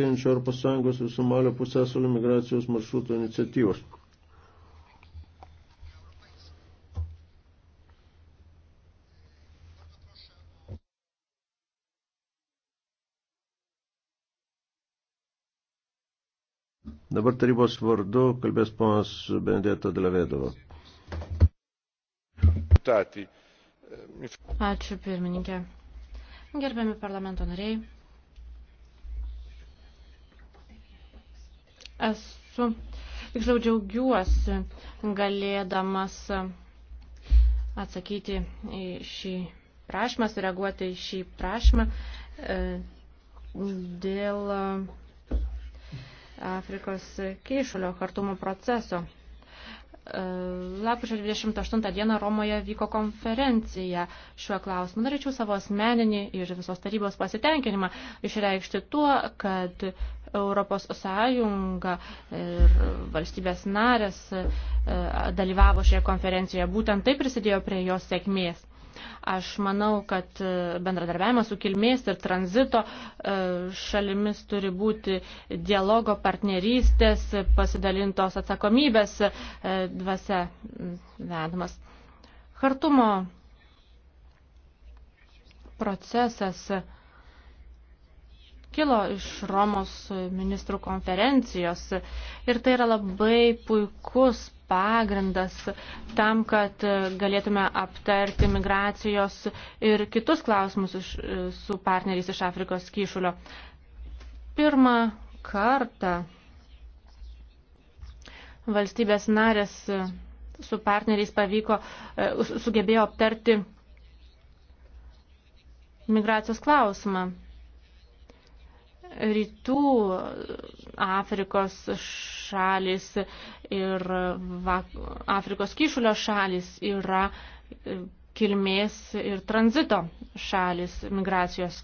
artėjančio Europos Sąjungos ir Somalio pusėsalio migracijos maršruto iniciatyvos. Dabar tarybos vardu kalbės ponas Benedėta Dlevedova. Ačiū pirmininkė. Gerbiami parlamento nariai, esu, tiksliau džiaugiuosi galėdamas atsakyti į šį prašymą, sureaguoti į šį prašymą e, dėl e, Afrikos keišulio kartumo proceso. E, lapkričio 28 dieną Romoje vyko konferencija šiuo klausimu. Norėčiau savo asmeninį ir visos tarybos pasitenkinimą išreikšti tuo, kad Europos Sąjunga ir valstybės narės e, dalyvavo šioje konferencijoje. Būtent tai prisidėjo prie jos sėkmės. Aš manau, kad e, bendradarbiavimas su kilmės ir tranzito e, šalimis turi būti dialogo partnerystės, pasidalintos atsakomybės dvasia vedamas. Hartumo procesas kilo iš Romos ministrų konferencijos ir tai yra labai puikus pagrindas tam, kad galėtume aptarti migracijos ir kitus klausimus iš, su partneriais iš Afrikos kyšulio. Pirmą kartą valstybės narės su partneriais pavyko, e, sugebėjo aptarti migracijos klausimą rytų Afrikos šalis ir Afrikos kyšulio šalis yra e, kilmės ir tranzito šalis migracijos.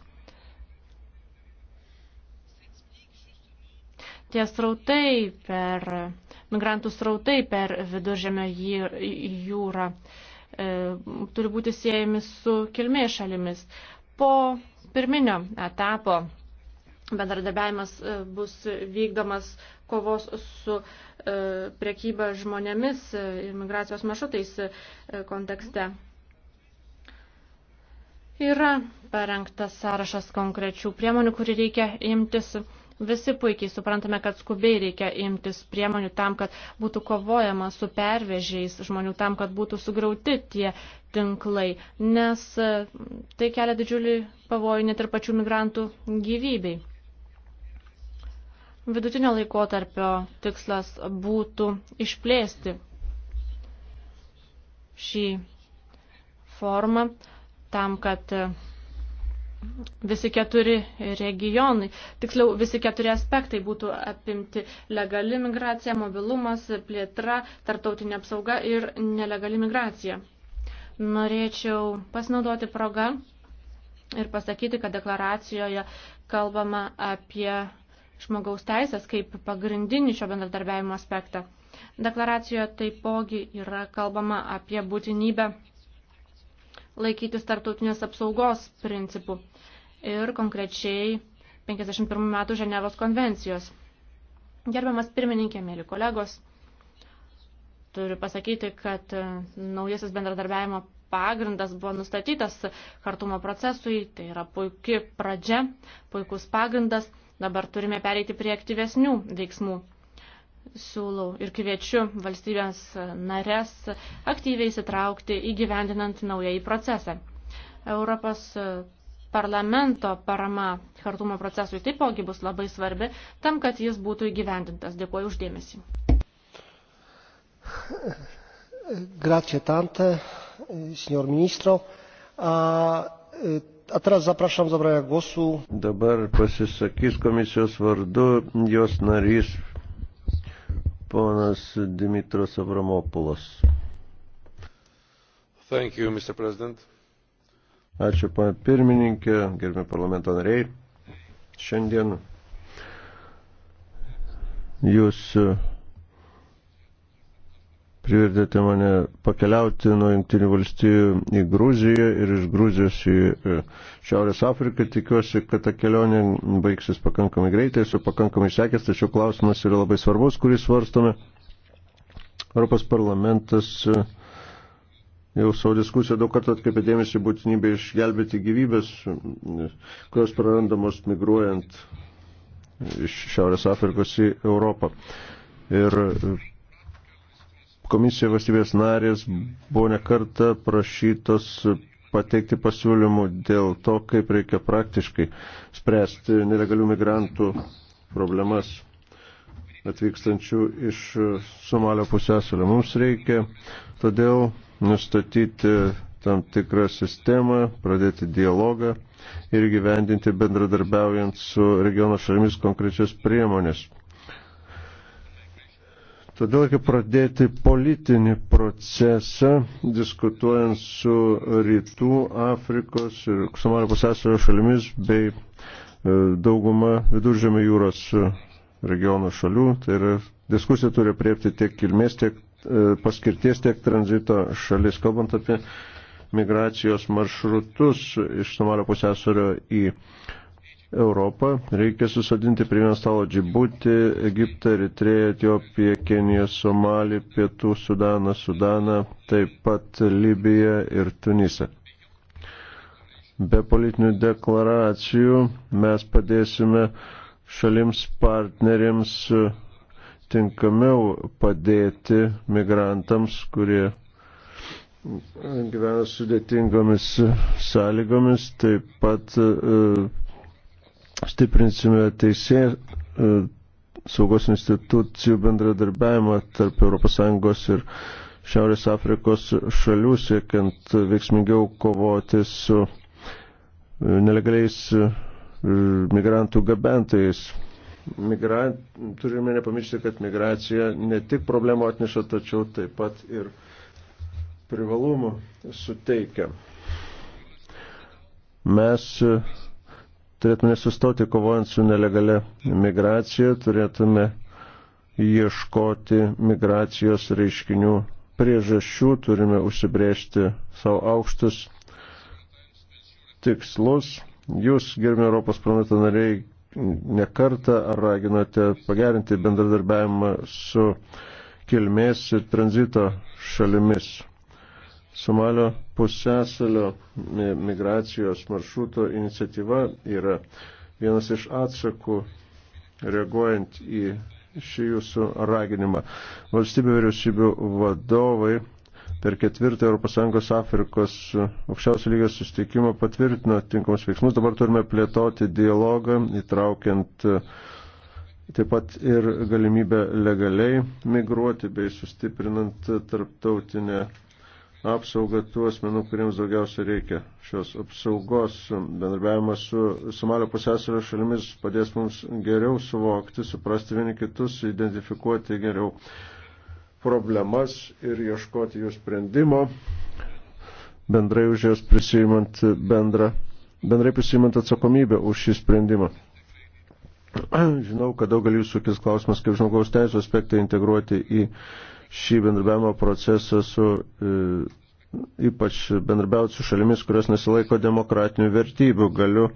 Tie srautai per, migrantų srautai per viduržemio jūrą e, turi būti siejami su kilmės šalimis. Po pirminio etapo bendradarbiavimas e, bus vykdomas kovos su e, prekyba žmonėmis e, ir migracijos maršrutais kontekste. Yra parengtas sąrašas konkrečių priemonių, kurį reikia imtis. Visi puikiai suprantame, kad skubiai reikia imtis priemonių tam, kad būtų kovojama su pervežiais žmonių, tam, kad būtų sugrauti tie tinklai, nes tai kelia didžiulį pavojų net ir pačių migrantų gyvybei. Vidutinio laikotarpio tikslas būtų išplėsti šį formą tam, kad visi keturi regionai, tiksliau visi keturi aspektai būtų apimti legali migracija, mobilumas, plėtra, tartautinė apsauga ir nelegali migracija. Norėčiau pasinaudoti progą ir pasakyti, kad deklaracijoje kalbama apie žmogaus teisės kaip pagrindinį šio bendradarbiavimo aspektą. Deklaracijoje taipogi yra kalbama apie būtinybę laikytis tarptautinės apsaugos principų ir konkrečiai 51 metų Ženevos konvencijos. Gerbiamas pirmininkė, mėly kolegos, turiu pasakyti, kad e, naujasis bendradarbiavimo pagrindas buvo nustatytas kartumo procesui, tai yra puikia pradžia, puikus pagrindas. Dabar turime pereiti prie aktyvesnių veiksmų. Siūlau ir kviečiu valstybės narės aktyviai įsitraukti įgyvendinant naująjį procesą. Europos parlamento parama kartumo procesui taipogi bus labai svarbi tam, kad jis būtų įgyvendintas. Dėkuoju uždėmesį. Grazie tante, signor ministro. A, e, A teraz zapraszam zabrania głosu. Dabar pasisakys komisijos vardu jos narys ponas Dimitros Avramopoulos. Thank you, Mr. President. Ačiū, pana pirmininkė, gerbimi parlamento nariai. Šiandien jūs privertėte mane pakeliauti nuo Junktinių valstijų į Gruziją ir iš Gruzijos į e, Šiaurės Afriką. Tikiuosi, kad ta kelionė baigsis pakankamai greitai, esu pakankamai sekęs, tačiau klausimas yra labai svarbus, kurį svarstome. Europos parlamentas e, jau savo diskusiją daug kartų atkaipė dėmesį būtinybę išgelbėti gyvybės, e, kurios prarandamos migruojant iš Šiaurės Afrikos į Europą. Ir komisija valstybės narės buvo nekarta prašytos pateikti pasiūlymų dėl to, kaip reikia praktiškai spręsti nelegalių migrantų problemas atvykstančių iš Somalio pusėsalio. Mums reikia todėl nustatyti tam tikrą sistemą, pradėti dialogą ir gyvendinti bendradarbiaujant su regiono šalimis konkrečias priemonės Todėl reikia pradėti politinį procesą, diskutuojant su Rytų Afrikos ir Somalio pusėsario šalimis bei e, dauguma viduržėmio jūros e, regiono šalių. Tai yra diskusija turi priepti tiek kilmės, tiek e, paskirties, tiek tranzito šalis. Kalbant apie migracijos maršrutus iš Somalio pusėsario į Europą. Reikia susodinti prie vieno stalo Džibutį, Egiptą, Eritreją, Etiopiją, Keniją, Somalį, Pietų Sudaną, Sudaną, taip pat Libiją ir Tunisą. Be politinių deklaracijų mes padėsime šalims partneriams tinkamiau padėti migrantams, kurie gyvena sudėtingomis sąlygomis, taip pat e, stiprinsime teisėjų e, saugos institucijų bendradarbiavimą tarp ES ir Šiaurės Afrikos šalių, siekiant veiksmingiau kovoti su e, nelegaliais e, migrantų gabentais. Migra... Turime nepamiršti, kad migracija ne tik problemų atneša, tačiau taip pat ir privalumų suteikia. Mes turėtume nesustoti kovojant su nelegale migracija, turėtume ieškoti migracijos reiškinių priežasčių, turime užsibrėžti savo aukštus tikslus. Jūs, gerbimi Europos parlamento nariai, nekartą raginote pagerinti bendradarbiavimą su kilmės ir tranzito šalimis. Somalio pusėsalio migracijos maršruto iniciatyva yra vienas iš atsakų reaguojant į šį jūsų raginimą. Valstybių vyriausybių vadovai per ketvirtą ES Afrikos aukščiausio lygio sustikimą patvirtino tinkamus veiksmus. Dabar turime plėtoti dialogą, įtraukiant e, taip pat ir galimybę legaliai migruoti bei sustiprinant tarptautinę apsaugą tų asmenų, kuriems daugiausia reikia šios apsaugos. Bendarbiavimas su Somalio pusėsario šalimis padės mums geriau suvokti, suprasti vieni kitus, identifikuoti geriau problemas ir ieškoti jų sprendimo, bendrai už jos prisijimant bendrą, bendrai prisijimant atsakomybę už šį sprendimą. Žinau, kad daugelį jūsų kis klausimas, kaip žmogaus teisų aspektai integruoti į šį bendrabiavimo procesą su e, ypač bendrabiauti su šalimis, kurios nesilaiko demokratinių vertybių. Galiu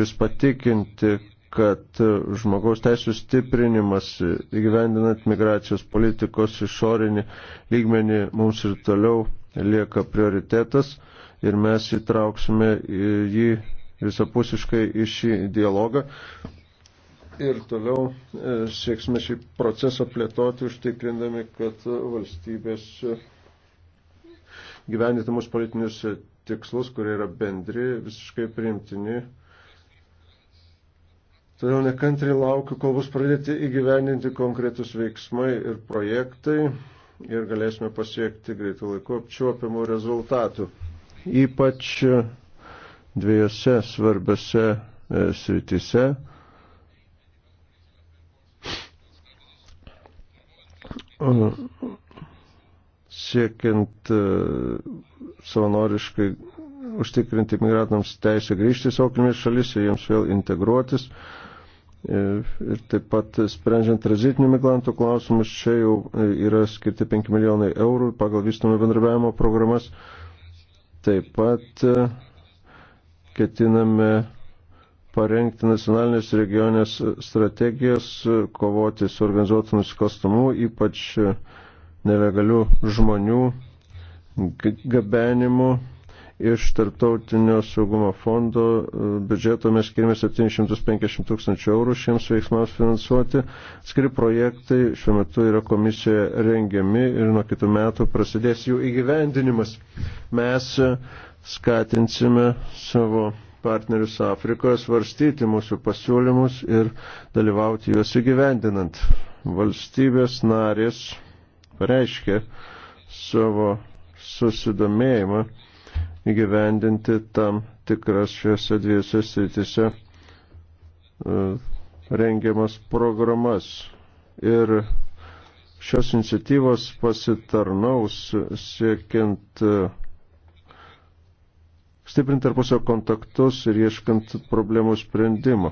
jūs patikinti, kad žmogaus teisų stiprinimas, įgyvendinant migracijos politikos išorinį lygmenį, mums ir toliau lieka prioritetas ir mes įtrauksime jį visapusiškai į šį dialogą ir toliau e, sieksime šį procesą plėtoti, užtikrindami, kad valstybės gyvenitamus politinius tikslus, kurie yra bendri, visiškai priimtini. Todėl nekantriai laukiu, kol bus pradėti įgyvendinti konkretus veiksmai ir projektai ir galėsime pasiekti greitų laikų apčiuopiamų rezultatų. Ypač dviejose svarbiose e, sritise siekiant e, savanoriškai užtikrinti migrantams teisę grįžti į savo kilmės šalis ir jiems vėl integruotis. E, ir taip pat sprendžiant tranzitinių migrantų klausimus, čia jau e, yra skirti 5 milijonai eurų pagal vystomą bendrabiavimo programas. Taip pat ketiname parengti nacionalinės regionės strategijas, kovoti su organizuotų nusikalstamų, ypač nelegalių žmonių gabenimu. Iš tarptautinio saugumo fondo e, biudžeto mes skirime 750 tūkstančių eurų šiems veiksmams finansuoti. Skiri projektai šiuo metu yra komisijoje rengiami ir nuo kitų metų prasidės jų įgyvendinimas. Mes e, skatinsime savo partnerius Afrikoje svarstyti mūsų pasiūlymus ir dalyvauti juos įgyvendinant. Valstybės narės pareiškė savo susidomėjimą įgyvendinti tam tikras šiuose dviejose sritise e, rengiamas programas. Ir šios iniciatyvos pasitarnaus siekiant e, stiprinti tarpusio kontaktus ir ieškant problemų sprendimo.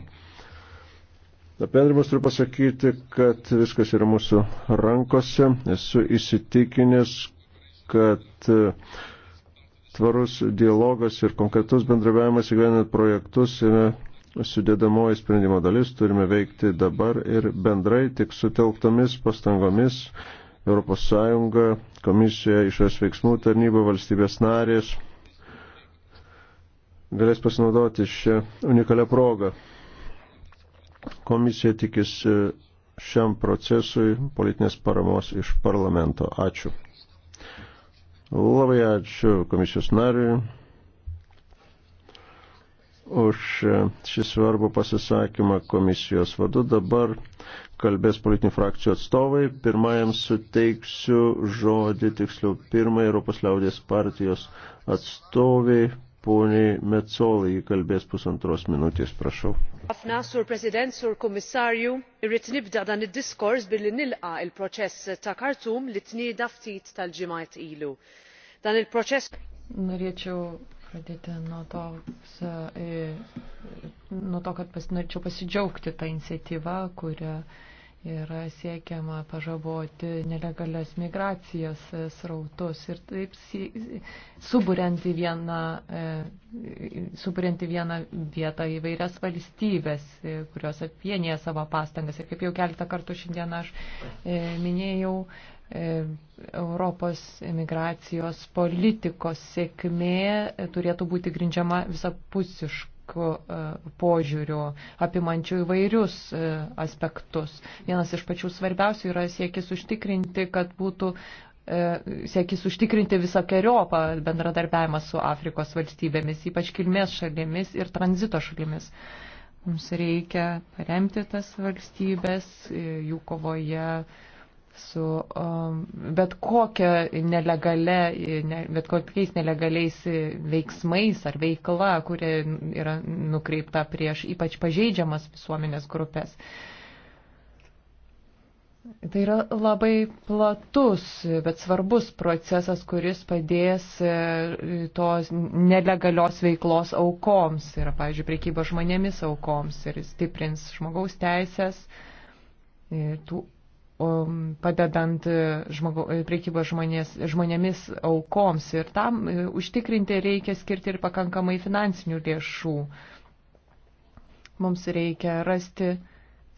Apendrimas turiu pasakyti, kad viskas yra mūsų rankose. Esu įsitikinęs, kad e, tvarus dialogas ir konkretus bendravimas įgyvenant projektus yra sudėdamoji sprendimo dalis. Turime veikti dabar ir bendrai tik sutelktomis pastangomis ES, komisija, išorės veiksmų tarnyba, valstybės narės galės pasinaudoti šią unikalią progą. Komisija tikisi e, šiam procesui politinės paramos iš parlamento. Ačiū. Labai ačiū komisijos nariui už e, šį svarbų pasisakymą komisijos vadu. Dabar kalbės politinių frakcijų atstovai. Pirmajam suteiksiu žodį, tiksliau, pirmai Europos liaudės partijos atstoviai, Poniai Metsolai kalbės pusantros minutės, prašau. Għafna, sur President, sur Komissarju, irrit nibda dan id-diskors billi nilqa il-proċess ta' Kartum li tnieda ftit tal-ġimgħat ilu. Dan il-proċess. Norieċu pradėti nuo to, e, nuo to kad pas, norėčiau pasidžiaugti tą iniciatyvą, kurią yra siekiama pažaboti nelegalias migracijas e, srautus ir taip suburiant į vieną, e, suburiant į vieną vietą įvairias valstybės, e, kurios apvienyje savo pastangas. Ir kaip jau keletą kartų šiandieną aš minėjau, Europos imigracijos politikos sėkmė turėtų būti grindžiama visapusiškai politiškų e, požiūrių, apimančių įvairius e, aspektus. Vienas iš pačių svarbiausių yra siekis užtikrinti, kad būtų e, siekis užtikrinti visokiojopą bendradarbiavimą su Afrikos valstybėmis, ypač kilmės šalimis ir tranzito šalimis. Mums reikia paremti tas valstybės, jų kovoje su um, bet kokia nelegale, ne, bet kokiais nelegaliais veiksmais ar veikla, kuri yra nukreipta prieš ypač pažeidžiamas visuomenės grupės. Tai yra labai platus, bet svarbus procesas, kuris padės e, tos nelegalios veiklos aukoms, yra, pavyzdžiui, priekybo žmonėmis aukoms ir stiprins žmogaus teisės, e, tų padedant e, žmogu, e, priekybos žmonės, žmonėmis aukoms. Ir tam e, užtikrinti reikia skirti ir pakankamai finansinių lėšų. Mums reikia rasti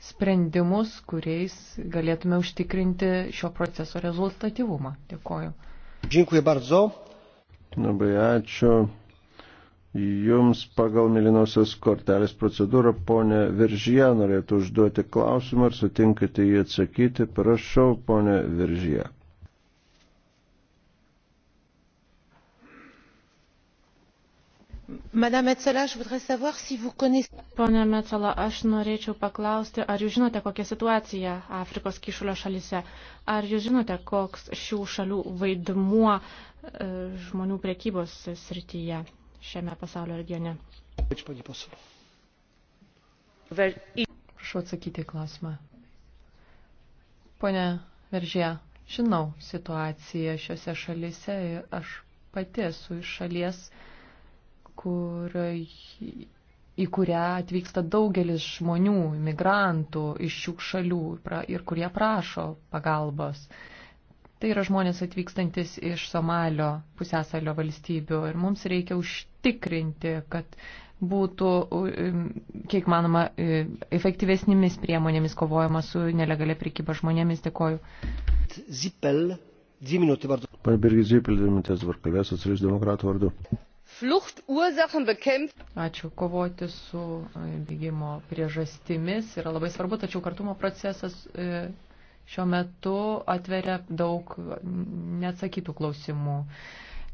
sprendimus, kuriais galėtume užtikrinti šio proceso rezultatyvumą. Dėkoju. Dziękuję bardzo. Labai ačiū. Jums pagal Milinosios kortelės procedūrą ponė Viržyje norėtų užduoti klausimą ir sutinkate jį atsakyti. Prašau, ponė Viržyje. Pone Metzela, aš norėčiau paklausti, ar jūs žinote, kokia situacija Afrikos kišulio šalise? Ar jūs žinote, koks šių šalių vaidmuo e, žmonių prekybos srityje? šiame pasaulio regione. Prašau atsakyti klausimą. Pone Veržė, žinau situaciją šiuose šalise ir aš pati esu iš šalies, kur, į kurią atvyksta daugelis žmonių, imigrantų iš šių šalių ir kurie prašo pagalbos. Tai yra žmonės atvykstantis iš Somalio pusėsalio valstybių ir mums reikia užtikrinti, kad būtų, um, kiek manoma, um, efektyvesnėmis priemonėmis kovojama su nelegalia prekyba žmonėmis. Dėkoju. Zipel, dvi minutės vardu. Pane Birgit Zipel, dvi minutės vardu. Kalbės socialistų demokratų vardu. Fluchtursachen bekämpft. Ačiū. Kovoti su uh, bėgimo priežastimis yra labai svarbu, tačiau kartumo procesas uh, šiuo metu atveria daug neatsakytų klausimų.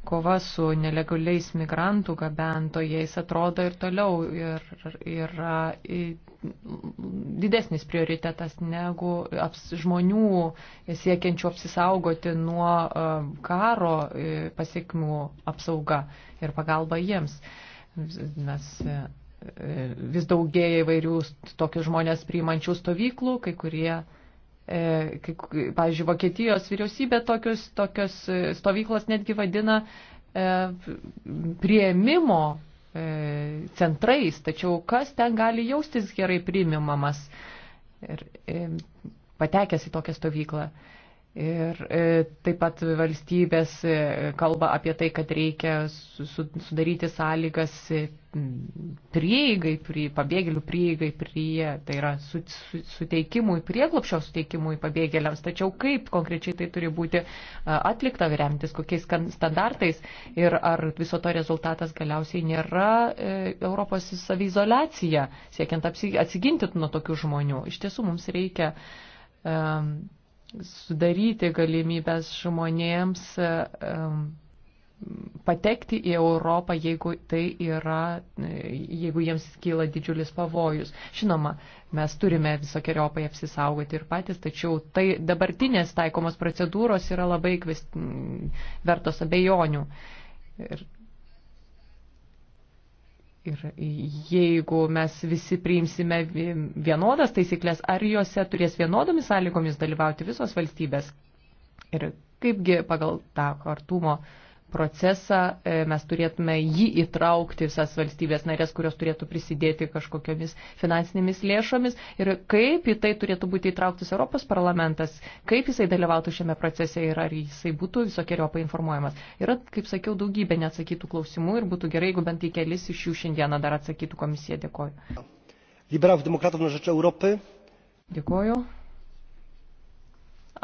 Kova su nelegaliais migrantų gabentojais atrodo ir toliau ir, yra didesnis prioritetas negu aps, žmonių siekiančių apsisaugoti nuo karo pasiekmių apsauga ir pagalba jiems. Mes e, e, vis daugėja įvairių tokius žmonės priimančių stovyklų, kai kurie E, pavyzdžiui, Vokietijos vyriausybė tokius, tokios e, stovyklas netgi vadina e, prieimimo centrais, tačiau kas ten gali jaustis gerai priimimamas ir patekęs į tokią stovyklą. Ir e, taip pat valstybės e, kalba apie tai, kad reikia sudaryti sąlygas e, prieigai, prie, pabėgėlių prieigai prie, tai yra suteikimui, prieglopšio suteikimui pabėgėliams. Tačiau kaip konkrečiai tai turi būti atlikta, remtis kokiais standartais ir ar viso to rezultatas galiausiai nėra Europos savizolacija, siekiant apsiginti nuo tokių žmonių. Iš tiesų mums reikia. Um, sudaryti galimybės žmonėms patekti į Europą, jeigu tai yra, jeigu jiems kyla didžiulis pavojus. Žinoma, mes turime visokiojopai apsisaugoti ir patys, tačiau tai dabartinės taikomos procedūros yra labai kvest... vertos abejonių. Ir Ir jeigu mes visi priimsime vienodas taisyklės, ar juose turės vienodomis sąlygomis dalyvauti visos valstybės? Ir kaipgi pagal tą kartumo uh, procesą, e, mes turėtume jį įtraukti visas valstybės narės, kurios turėtų prisidėti kažkokiamis finansinėmis lėšomis ir kaip į tai turėtų būti įtrauktas Europos parlamentas, kaip jisai dalyvautų šiame procese ir ar jisai būtų visokiojopai informuojamas. Yra, kaip sakiau, daugybė neatsakytų klausimų ir būtų gerai, jeigu bent į kelis iš jų šiandieną dar atsakytų komisija. Dėkoju. Liberalų demokratų na rzecz Europy. Dėkoju.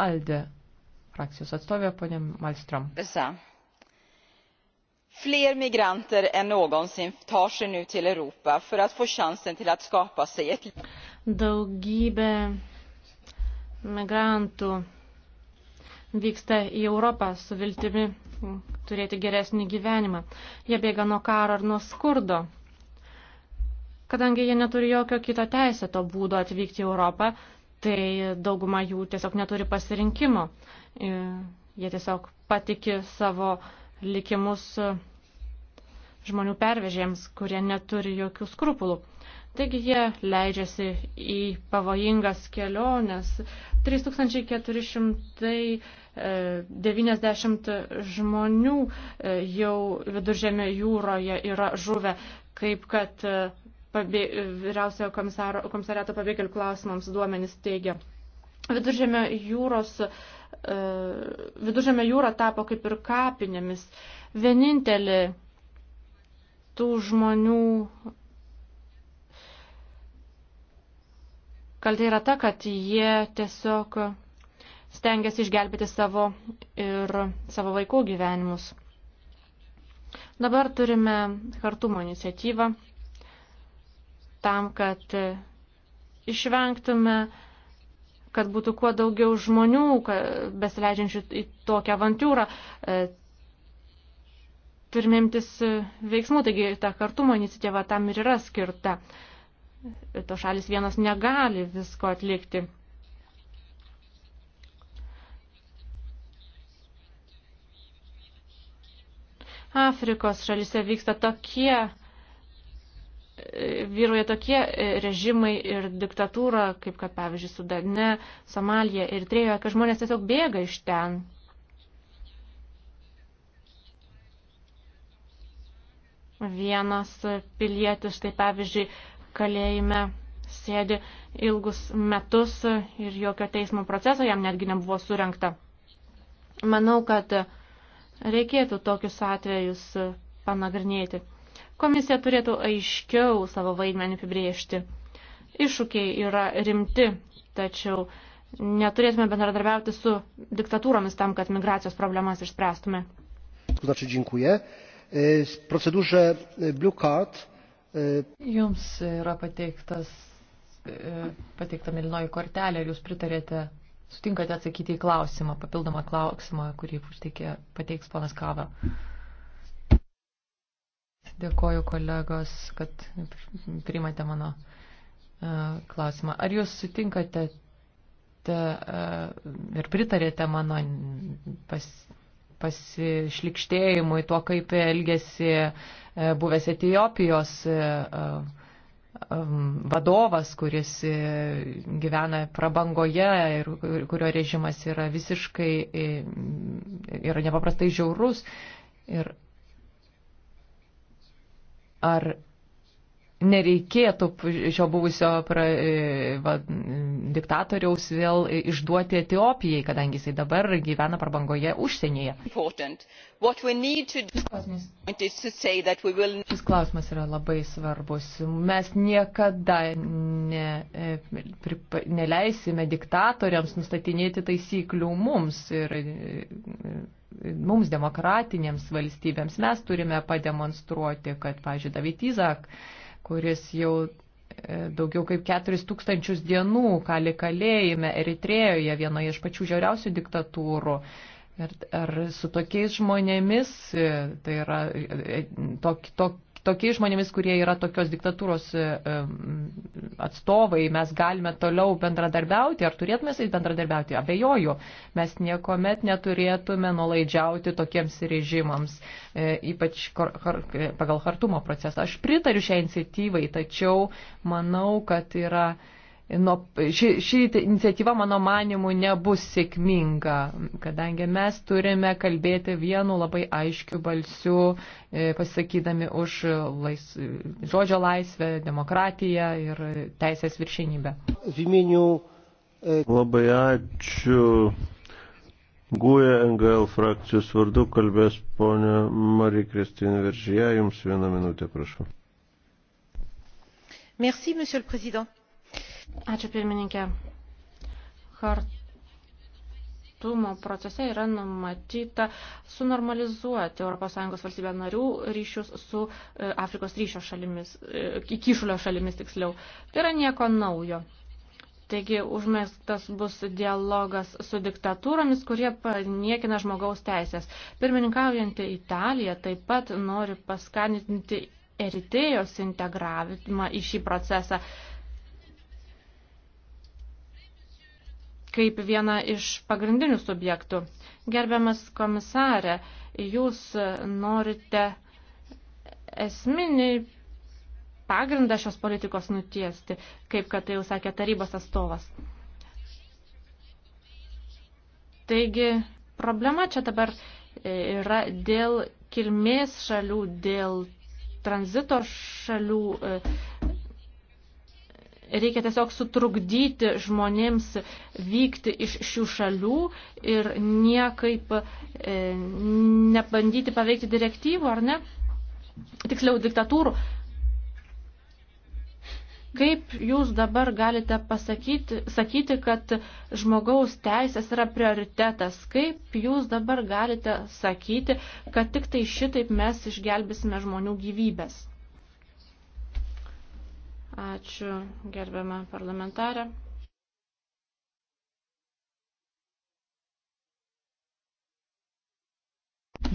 Alde, frakcijos atstovė, ponė Malstrom. Visa fler migranter än någonsin tar sig nu till europa för att få chansen att skapa sig ett Daugybė migrantų vyksta į Europą su viltimi turėti geresnį gyvenimą. Jie bėga nuo karo ar nuo skurdo. Kadangi jie neturi jokio kito teisėto būdo atvykti į Europą, tai dauguma jų tiesiog neturi pasirinkimo. Jie tiesiog patiki savo uh, likimus žmonių pervežėms, kurie neturi jokių skrupulų. Taigi jie leidžiasi į pavojingas keliones. 3490 e, žmonių e, jau viduržėme jūroje yra žuvę, kaip kad e, pabė, vyriausiojo komisariato pabėgėlių klausimams duomenys teigia. Viduržėme jūros E, Viduržėme jūra tapo kaip ir kapinėmis. Vienintelė tų žmonių kaltai yra ta, kad jie tiesiog stengiasi išgelbėti savo ir savo vaikų gyvenimus. Dabar turime kartumo iniciatyvą tam, kad išvengtume uh, kad būtų kuo daugiau žmonių besileidžiančių į tokią avantūrą. E, turime imtis e, veiksmų, taigi ta kartumo iniciatyva tam ir yra skirta. To šalis vienas negali visko atlikti. Afrikos šalise vyksta tokie vyroja tokie e, režimai ir diktatūra, kaip kad pavyzdžiui Sudane, Somalija ir Trėjoje, kad žmonės tiesiog bėga iš ten. Vienas pilietis, tai pavyzdžiui, kalėjime sėdi ilgus metus ir jokio teismo proceso jam netgi nebuvo surenkta. Manau, kad reikėtų tokius atvejus panagrinėti. Komisija turėtų aiškiau savo vaidmenį apibriežti. Iššūkiai yra rimti, tačiau neturėtume bendradarbiauti su diktatūromis tam, kad migracijos problemas išspręstume. Znaczy, dziękuję. E, w procedurze e, Blue Card. E, Jums yra pateiktas, pateikta milinoji kortelė ir jūs pritarėte Sutinkate atsakyti į klausimą, papildomą klausimą, kurį pateikė, pateiks ponas Kava. Dėkoju kolegos, kad primate mano e, klausimą. Ar jūs sutinkate te, e, ir pritarėte mano pas, pasišlikštėjimui tuo, kaip elgėsi e, buvęs Etijopijos vadovas, kuris gyvena prabangoje ir kurio režimas yra visiškai, yra nepaprastai žiaurus. Ir Ar nereikėtų šio buvusio pra, e, va, diktatoriaus vėl išduoti Etiopijai, kadangi jisai dabar gyvena prabangoje užsienyje. Will... Šis klausimas yra labai svarbus. Mes niekada ne, e, pripa, neleisime diktatoriams nustatinėti taisyklių mums ir e, mums demokratinėms valstybėms mes turime pademonstruoti, kad, pažiūrėjau, David Izak, kuris jau e, daugiau kaip 4000 dienų kali kalėjime Eritrėjoje, vienoje iš pačių žiauriausių diktatūrų. Ar, ar su tokiais žmonėmis, e, tai yra e, tok, tok, tokiais žmonėmis, kurie yra tokios diktatūros e, e, atstovai, mes galime toliau bendradarbiauti, ar turėtume su jais bendradarbiauti, abejoju, mes niekuomet neturėtume nolaidžiauti tokiems režimams, e, ypač pagal hartumo procesą. Aš pritariu šią iniciatyvai, tačiau manau, kad yra nuo, ši, ši iniciatyva, mano manimu, nebus sėkminga, kadangi mes turime kalbėti vienu labai aiškiu balsiu, e, pasakydami už lais, žodžio laisvę, demokratiją ir teisės viršinybę. Viminių. E, labai ačiū. Guja NGL frakcijos vardu kalbės ponia Marija Kristina Viržyje. Jums vieną minutę, prašau. Merci, monsieur le président Ačiū pirmininkė. Hartumo procese yra numatyta sunormalizuoti ES valstybė narių ryšius su e, Afrikos ryšio šalimis, e, kyšulio šalimis tiksliau. Tai yra nieko naujo. Taigi užmestas bus dialogas su diktatūromis, kurie niekina žmogaus teisės. Pirmininkaujantį Italiją taip pat nori paskaninti Eritėjos integravimą į šį procesą. kaip vieną iš pagrindinių subjektų. Gerbiamas komisarė, jūs norite esminį pagrindą šios politikos nutiesti, kaip kad tai jau sakė tarybos atstovas. Taigi problema čia dabar e, yra dėl kilmės šalių, dėl tranzito šalių e, Reikia tiesiog sutrukdyti žmonėms vykti iš šių šalių ir niekaip e, nebandyti paveikti direktyvų, ar ne? Tiksliau, diktatūrų. Kaip jūs dabar galite pasakyti, sakyti, kad žmogaus teisės yra prioritetas? Kaip jūs dabar galite sakyti, kad tik tai šitaip mes išgelbėsime žmonių gyvybės? Ačiū gerbiamą parlamentarę.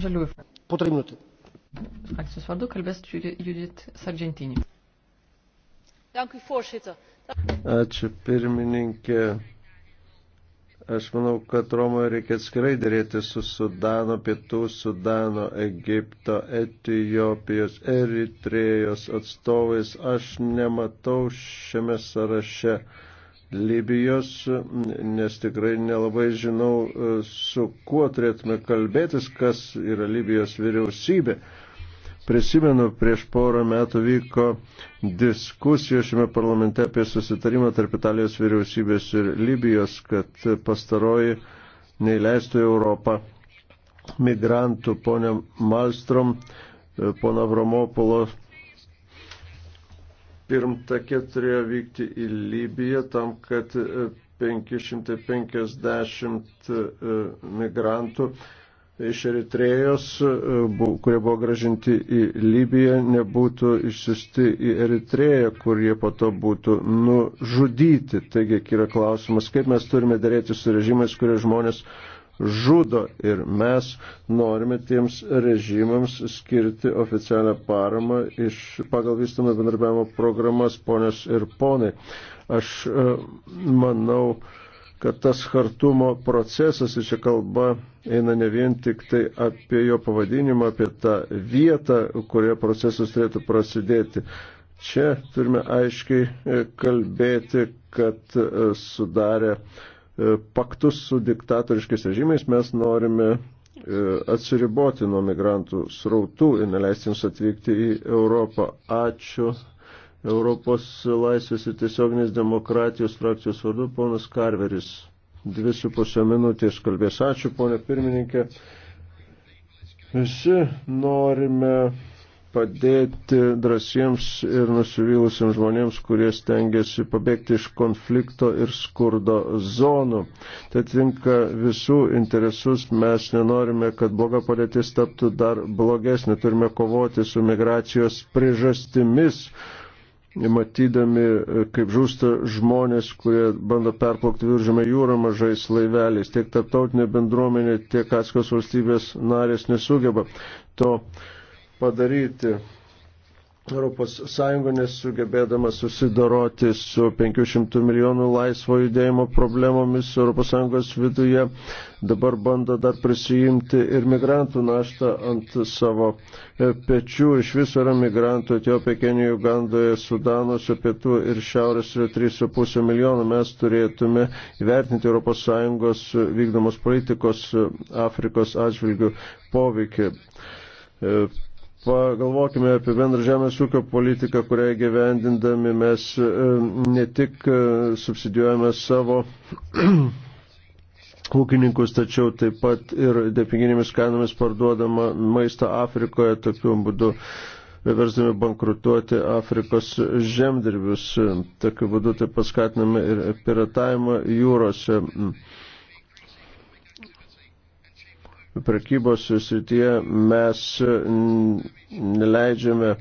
Žaliųjų. Po 3 minutį. Frakcijos vardu kalbės Judith Sargentinį. Ačiū pirmininkė. Aš manau, kad Romoje reikia atskirai dėrėti su Sudano, Pietų Sudano, Egipto, Etijopijos, Eritrėjos atstovais. Aš nematau šiame sąraše Libijos, nes tikrai nelabai žinau, su kuo turėtume kalbėtis, kas yra Libijos vyriausybė. Prisimenu, prieš porą metų vyko diskusija šiame parlamente apie susitarimą tarp Italijos vyriausybės ir Libijos, kad pastaroji neįleistų į Europą migrantų, ponė Malstrom, pono Avramopolo pirmtakė turėjo vykti į Libiją tam, kad 550 e, e, migrantų iš Eritrėjos, e, kurie buvo gražinti į Libiją, nebūtų išsiusti į Eritrėją, kur jie po to būtų nužudyti. Taigi kyra klausimas, kaip mes turime dėrėti su režimais, kurie žmonės žudo ir mes norime tiems režimams skirti oficialią paramą iš pagal vystamą bendarbiavimo programas, ponios ir ponai. Aš e, manau, kad tas hartumo procesas, ir čia kalba eina ne vien tik tai apie jo pavadinimą, apie tą vietą, kurioje procesas turėtų prasidėti. Čia turime aiškiai e, kalbėti, kad e, sudarę e, paktus su diktatoriškais režimais mes norime atsiriboti nuo migrantų srautų ir neleisti jums atvykti į Europą. Ačiū Europos laisvės ir tiesioginės demokratijos frakcijos vardu ponas Karveris. Dvi su pusę minutės kalbės. Ačiū, ponė pirmininkė. Visi norime padėti drąsiems ir nusivylusiems žmonėms, kurie stengiasi pabėgti iš konflikto ir skurdo zonų. Tai tinka visų interesus, mes nenorime, kad bloga padėtis taptų dar blogesnė, turime kovoti su migracijos priežastimis matydami, e, kaip žūsta žmonės, kurie bando perplaukti viržymę jūrą mažais laiveliais. Tiek tarptautinė bendruomenė, tiek atskios valstybės narės nesugeba to padaryti. ES nesugebėdama susidoroti su 500 milijonų laisvo judėjimo problemomis ES viduje, dabar bando dar prisijimti ir migrantų naštą ant savo e, pečių. Iš viso yra migrantų Etiopija, Kenija, Ugandoje, Sudanuose, Pietų ir Šiaurės yra 3,5 milijonų. Mes turėtume įvertinti ES vykdomos politikos Afrikos atžvilgių poveikį e, Pagalvokime apie bendrą žemės ūkio politiką, kurią gyvendindami mes e, ne tik e, subsidijuojame savo ūkininkus, tačiau taip pat ir depinginėmis kainomis parduodama maistą Afrikoje tokiu būdu versdami bankrutuoti Afrikos žemdirbius. Tokiu būdu taip paskatiname ir piratavimą jūrose prekybos srityje mes neleidžiame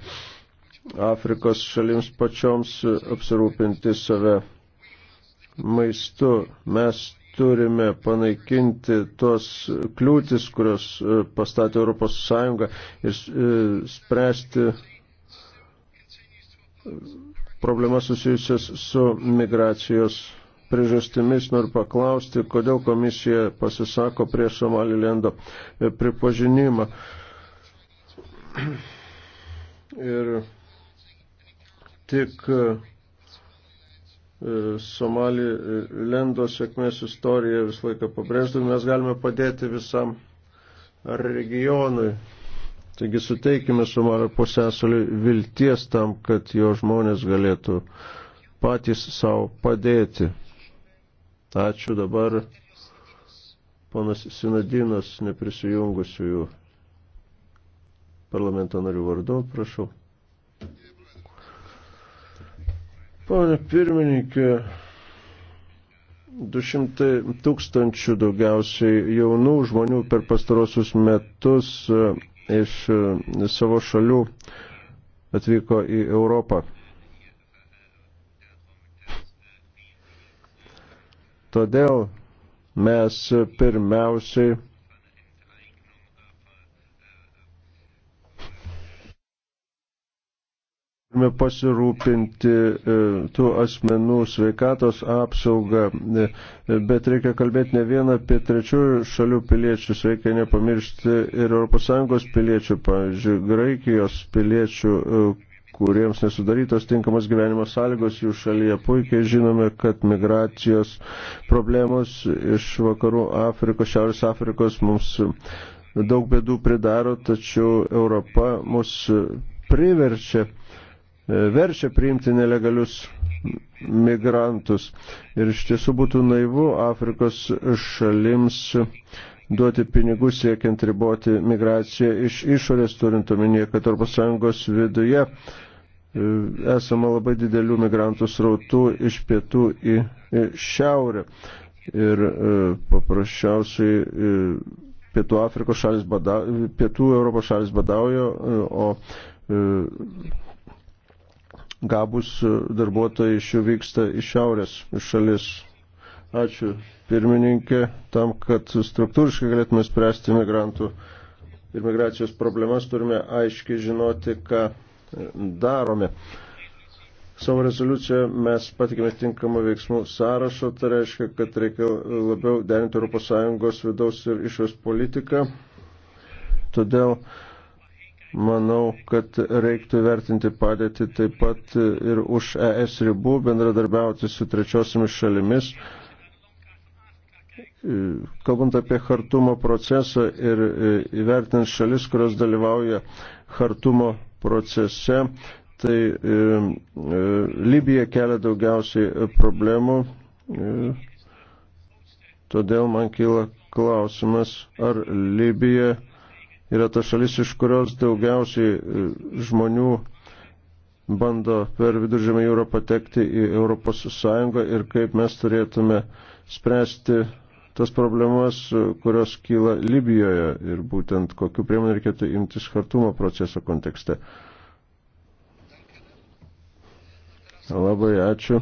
Afrikos šalims pačioms apsirūpinti save maistu. Mes turime panaikinti tos kliūtis, kurios e, pastatė Europos Sąjunga ir e, spręsti problemas susijusias su migracijos priežastimis noriu paklausti, kodėl komisija pasisako prieš Somalilendo e, pripažinimą. Ir tik e, Somalilendo e, sėkmės istoriją visą laiką pabrėždami, mes galime padėti visam regionui. Taigi suteikime Somalio pusėsaliui vilties tam, kad jo žmonės galėtų patys savo padėti. Ačiū dabar ponas Sinadinas neprisijungusiųjų parlamento narių vardu, prašau. Pane pirmininkė, 200 tūkstančių daugiausiai jaunų žmonių per pastarosius metus e, iš e, savo šalių atvyko į Europą. Todėl mes pirmiausiai turime pasirūpinti e, tų asmenų sveikatos apsaugą, e, bet reikia kalbėti ne vien apie trečiųjų šalių piliečius, reikia nepamiršti ir ES piliečių, pavyzdžiui, Graikijos piliečių, e, kuriems nesudarytos tinkamas gyvenimo sąlygos jų šalyje. Puikiai žinome, kad migracijos problemos iš vakarų Afrikos, Šiaurės Afrikos mums daug bėdų pridaro, tačiau Europa mus priverčia, verčia priimti nelegalius migrantus. Ir iš tiesų būtų naivu Afrikos šalims duoti pinigų siekiant riboti migraciją iš išorės, turint omenyje, kad Europos Sąjungos viduje E, esama labai didelių migrantų srautų iš pietų į, į šiaurę. Ir e, paprasčiausiai e, pietų Afrikos šalis badauja, pietų Europos šalis badauja, o gabus darbuotojai iš jų vyksta iš šiaurės iš šalis. Ačiū pirmininkė, tam, kad struktūriškai galėtume spręsti migrantų ir migracijos problemas, turime aiškiai žinoti, ką darome. Savo rezoliuciją mes patikime tinkamą veiksmų sąrašą, tai reiškia, kad reikia labiau derinti ES vidaus ir išvės politiką. Todėl manau, kad reiktų vertinti padėtį taip pat ir už ES ribų, bendradarbiauti su trečiosiamis šalimis. Kalbant apie hartumo procesą ir įvertinant šalis, kurios dalyvauja hartumo procese, tai e, e, Libija kelia daugiausiai e, problemų. E, todėl man kyla klausimas, ar Libija yra ta šalis, iš kurios daugiausiai e, žmonių bando per viduržėmę jūrą patekti į Europos Sąjungą ir kaip mes turėtume spręsti tas problemas, kurios kyla Libijoje ir būtent kokiu priemonių reikėtų imtis Hartumo proceso kontekste. Labai ačiū.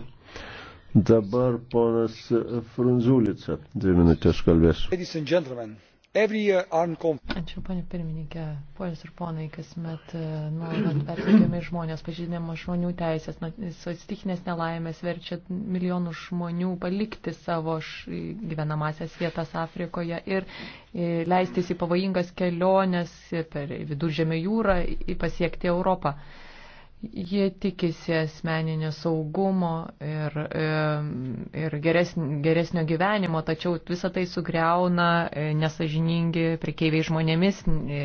Dabar ponas Frunzulica dvi minutės kalbės. Ačiū, panė pirmininkė, ponės ir ponai, kasmet e, nuolat persekiojami žmonės, pažydinama žmonių teisės, sostichinės nelaimės verčia milijonų žmonių palikti savo gyvenamasias vietas Afrikoje ir e, leistis į pavojingas keliones e, per viduržėmio jūrą į pasiekti Europą. Jie tikisi asmeninio saugumo ir, ir geresnio, geresnio gyvenimo, tačiau visą tai sugriauna e, nesažiningi prekeiviai žmonėmis, e,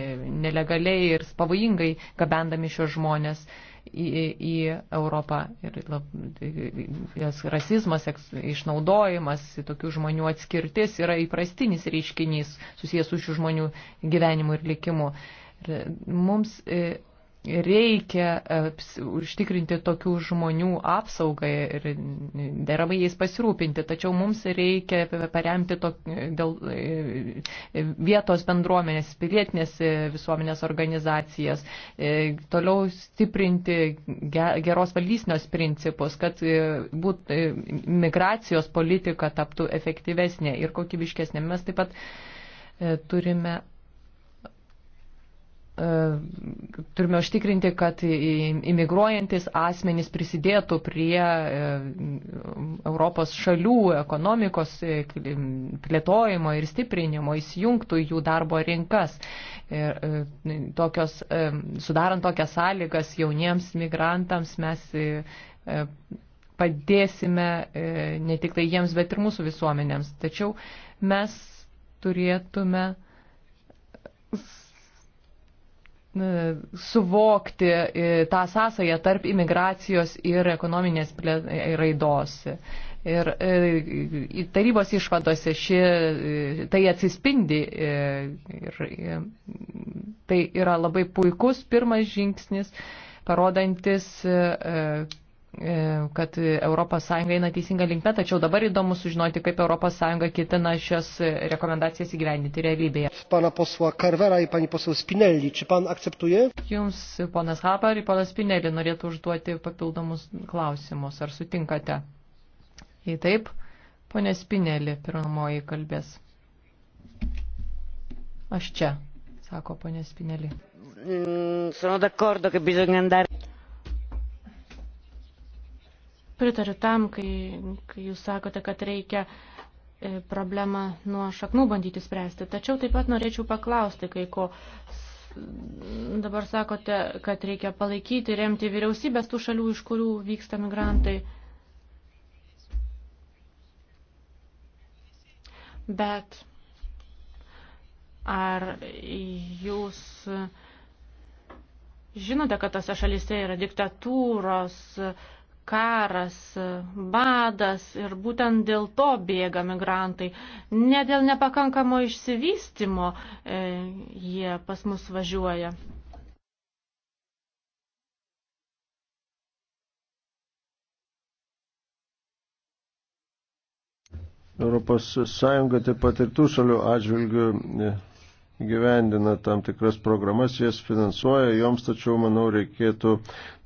nelegaliai ir pavojingai gabendami šios žmonės į, į Europą. Ir lab, tai, jas rasizmas, išnaudojimas, tokių žmonių atskirtis yra įprastinis reiškinys susijęs su šių žmonių gyvenimu ir likimu. Ir mums e, reikia e, užtikrinti tokių žmonių apsaugą ir deramai jais pasirūpinti, tačiau mums reikia paremti to, dėl, e, e, vietos bendruomenės, pilietinės visuomenės organizacijas, toliau stiprinti geros valdysinės principus, kad būt, migracijos politika taptų efektyvesnė ir kokybiškesnė. Mes taip pat turime E, turime užtikrinti, kad imigruojantis asmenys prisidėtų prie e, Europos šalių ekonomikos e, plėtojimo ir stiprinimo, įsijungtų jų darbo rinkas. Ir tokios, sudarant tokias sąlygas jauniems migrantams mes padėsime ne tik tai jiems, bet ir mūsų visuomenėms. Tačiau mes turėtume E, suvokti e, tą sąsąją tarp imigracijos ir ekonominės e, raidos. Ir tarybos išvadose ši, tai atsispindi ir tai yra labai puikus pirmas žingsnis, parodantis E, kad ES eina teisinga linkme, tačiau dabar įdomu sužinoti, kaip ES ketina šias rekomendacijas įgyvendinti realybėje. Pana posla Karvera ir pani posla Spinelli, čia pan akceptuoja? Jums, ponas Haber ir ponas Spinelli, norėtų užduoti papildomus klausimus. Ar sutinkate? Jei taip, ponė Spinelli pirmoji kalbės. Aš čia, sako ponė Spinelli. Mm, sono d'accordo che bisogna andare. pritariu tam, kai, kai jūs sakote, kad reikia e, problemą nuo šaknų bandyti spręsti. Tačiau taip pat norėčiau paklausti, kai ko dabar sakote, kad reikia palaikyti, remti vyriausybės tų šalių, iš kurių vyksta migrantai. Bet ar jūs žinote, kad tose šalyse yra diktatūros, karas, badas ir būtent dėl to bėga migrantai. Ne dėl nepakankamo išsivystimo e, jie pas mus važiuoja. Europos Sąjunga taip pat ir tų šalių atžvilgių e, gyvendina tam tikras programas, jas finansuoja, joms tačiau, manau, reikėtų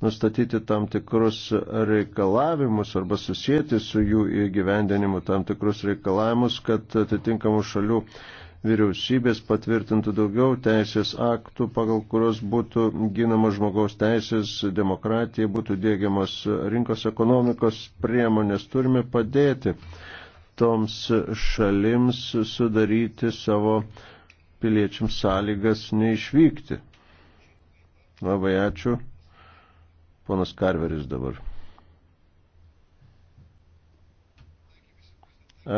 nustatyti tam tikrus reikalavimus arba susijęti su jų įgyvendinimu tam tikrus reikalavimus, kad atitinkamų šalių vyriausybės patvirtintų daugiau teisės aktų, pagal kurios būtų ginama žmogaus teisės, demokratija, būtų dėgiamas rinkos ekonomikos priemonės. Turime padėti toms šalims sudaryti savo piliečiams sąlygas neišvykti. Labai ačiū. Ponas Karveris dabar.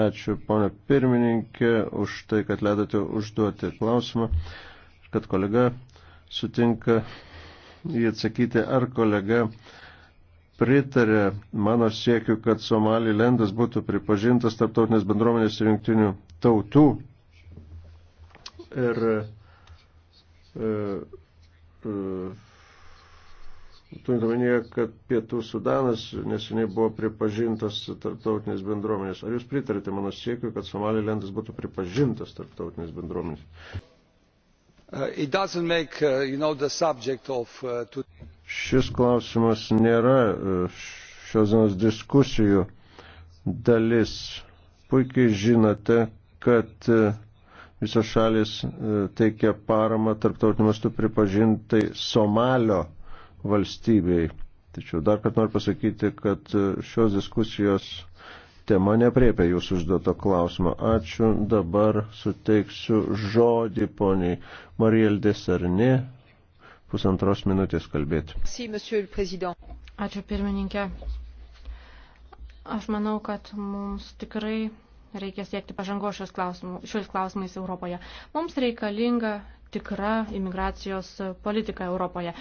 Ačiū, ponė pirmininkė, už tai, kad ledote užduoti klausimą, kad kolega sutinka jį atsakyti, ar kolega pritarė mano siekiu, kad Somalilendas būtų pripažintas tarptautinės bendruomenės ir jungtinių tautų ir e, e, turint omenyje, kad Pietų Sudanas neseniai buvo pripažintas tarptautinės bendruomenės. Ar jūs pritarite mano siekiu, kad Somalilendas būtų pripažintas tarptautinės bendruomenės? Uh, it doesn't make, uh, you know, the subject of... Uh, to... Šis klausimas nėra uh, šios dienos diskusijų dalis. Puikiai žinote, kad uh, visos šalis e, teikia paramą tarptautiniu mastu pripažintai Somalio valstybei. Tačiau dar kad noriu pasakyti, kad e, šios diskusijos tema nepriepia jūsų užduoto klausimą. Ačiū. Dabar suteiksiu žodį poniai Mariel Desarni pusantros minutės kalbėti. Ačiū pirmininkė. Aš manau, kad mums tikrai reikia siekti pažangos šios, klausimų, šios klausimais Europoje. Mums reikalinga tikra imigracijos politika Europoje.